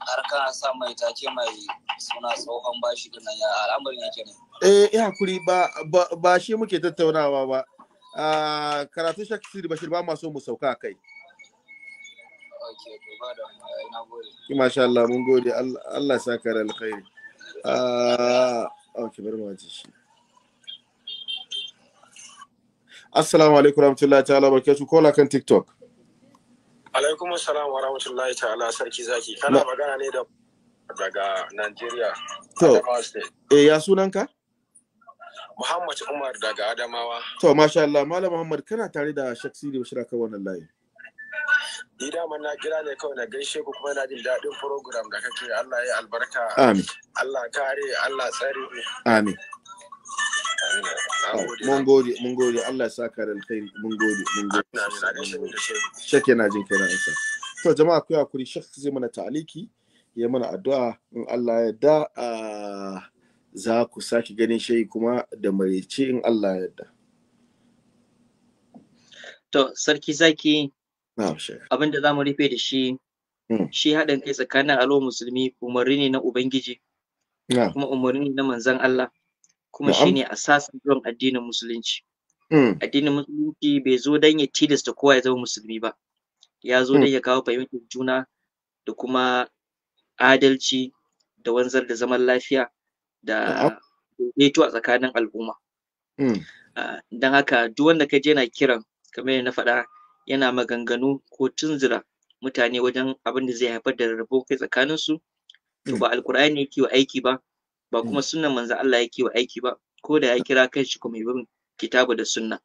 har sa mai take mai suna tsohon bashi din nan ya al'amarin yake ne. Eh, ya hakuri ba shi muke tattaunawa ba. karatun shakisiri bashir ba masu mu sauka kai ki masha Allah mun gode Allah sa ka da alkhairi ok bari mu ji shi assalamu alaikum warahmatullahi ta'ala barkatu ko la kan tiktok alaikum assalam warahmatullahi ta'ala sarki zaki kana magana ne da daga Nigeria to eh ya sunanka Muhammad Umar daga Adamawa. To, masha Allah, Malam Muhammad kana tare da Sheikh Sidi bashira kan wannan layi. Ni dama na kira ne kawai na gaishe ku kuma na jin daɗin program da kake Allah ya albarka. Amin. Allah kare, Allah tsare. Amin. Mun gode, mun gode, Allah ya saka da alkhairi, mun gode, mun gode. Shek yana jin kira insa. To jama'a ku kuri Sheikh zai mana ta'aliki, ya mana addu'a in Allah ya da za ku sake ganin shayi kuma da marece in Allah yadda. To, sarki zaki abinda za mu rufe da shi, hmm. shi haɗin kai tsakanin alo musulmi umarni ne na Ubangiji, kuma umarni na manzan Allah, kuma shi ne asasin zuwan addinin musulunci. Hmm. Addinin musulunci bai zo dan ya tilasta kowa ya zama musulmi ba, ya zo hmm. don ya kawo fahimtar juna da kuma adalci da wanzar da zaman lafiya. da daidaito a tsakanin al'umma hmm. don haka duk wanda ka je na kiran kamar yadda na faɗa yana maganganu ko tunzura mutane wajen abin da zai haifar da rarrabo kai tsakanin su to hmm. ba alkur'ani yake wa aiki ba ba hmm. kuma sunnan manzo Allah yake wa aiki ba ko da ya kira shi kuma bin kitabu da sunna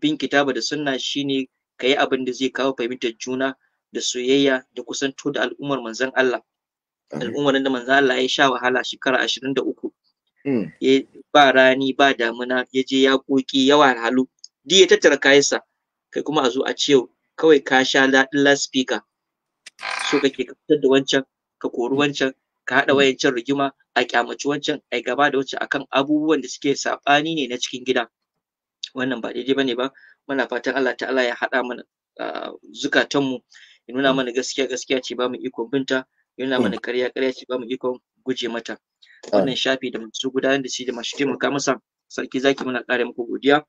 bin kitabu da sunna shine kayi abin da zai kawo fahimtar juna da soyayya da kusanto da al'ummar manzon Allah al'ummar da manzo Allah ya sha wahala shekara ashirin da uku hmm. ya ba rani ba damuna ya je ya koki yawa halu duk ya tattara kayansa kai kuma a zo a ce kawai ka sha daɗin laspika so kake ka fitar da wancan ka kori wancan ka haɗa hmm. wayancan rigima a kyamaci wancan ai gaba da wancan akan abubuwan da suke saɓani ne na cikin gida wannan ba daidai bane ba muna fatan Allah ta'ala ya haɗa mana ah, zukatanmu ya nuna hmm. mana gaskiya gaskiya ce ba mu ikon binta yana hmm. mana karya. Karya shi ba mu ikon guje mata ah. wannan shafi da masu gudanar da shi da masu taimaka masa sarki zaki muna ƙara muku godiya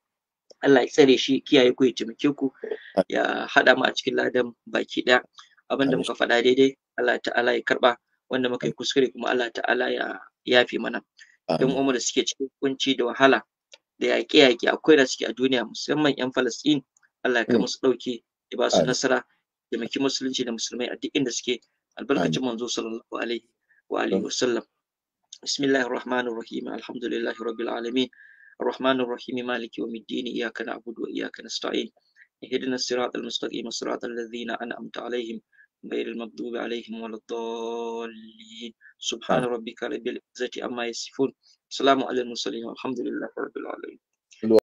Allah ya tsare shi kiyaye ku ya taimake ku ah. ya haɗa mu a cikin ladan baki ɗaya abin da muka faɗa daidai Allah ta'ala ya karba wanda muka yi kuskure kuma Allah ta'ala ya yafi mana don umar da suke cikin kunci da wahala da yaƙe-yaƙe akwai da suke a duniya musamman 'yan Falasɗin Allah ya kai hmm. musu ɗauki ya ba su nasara maki musulunci da musulmai a duk inda suke البركه albarkacin manzo sallallahu alaihi wa وسلم بسم الله الرحمن الرحيم الحمد لله رب العالمين الرحمن الرحيم مالك يوم الدين إياك نعبد وإياك نستعين اهدنا الصراط المستقيم صراط الذين أنعمت عليهم غير المغضوب عليهم ولا الضالين سبحان ربك رب العزة عما يصفون السلام على المرسلين والحمد لله رب العالمين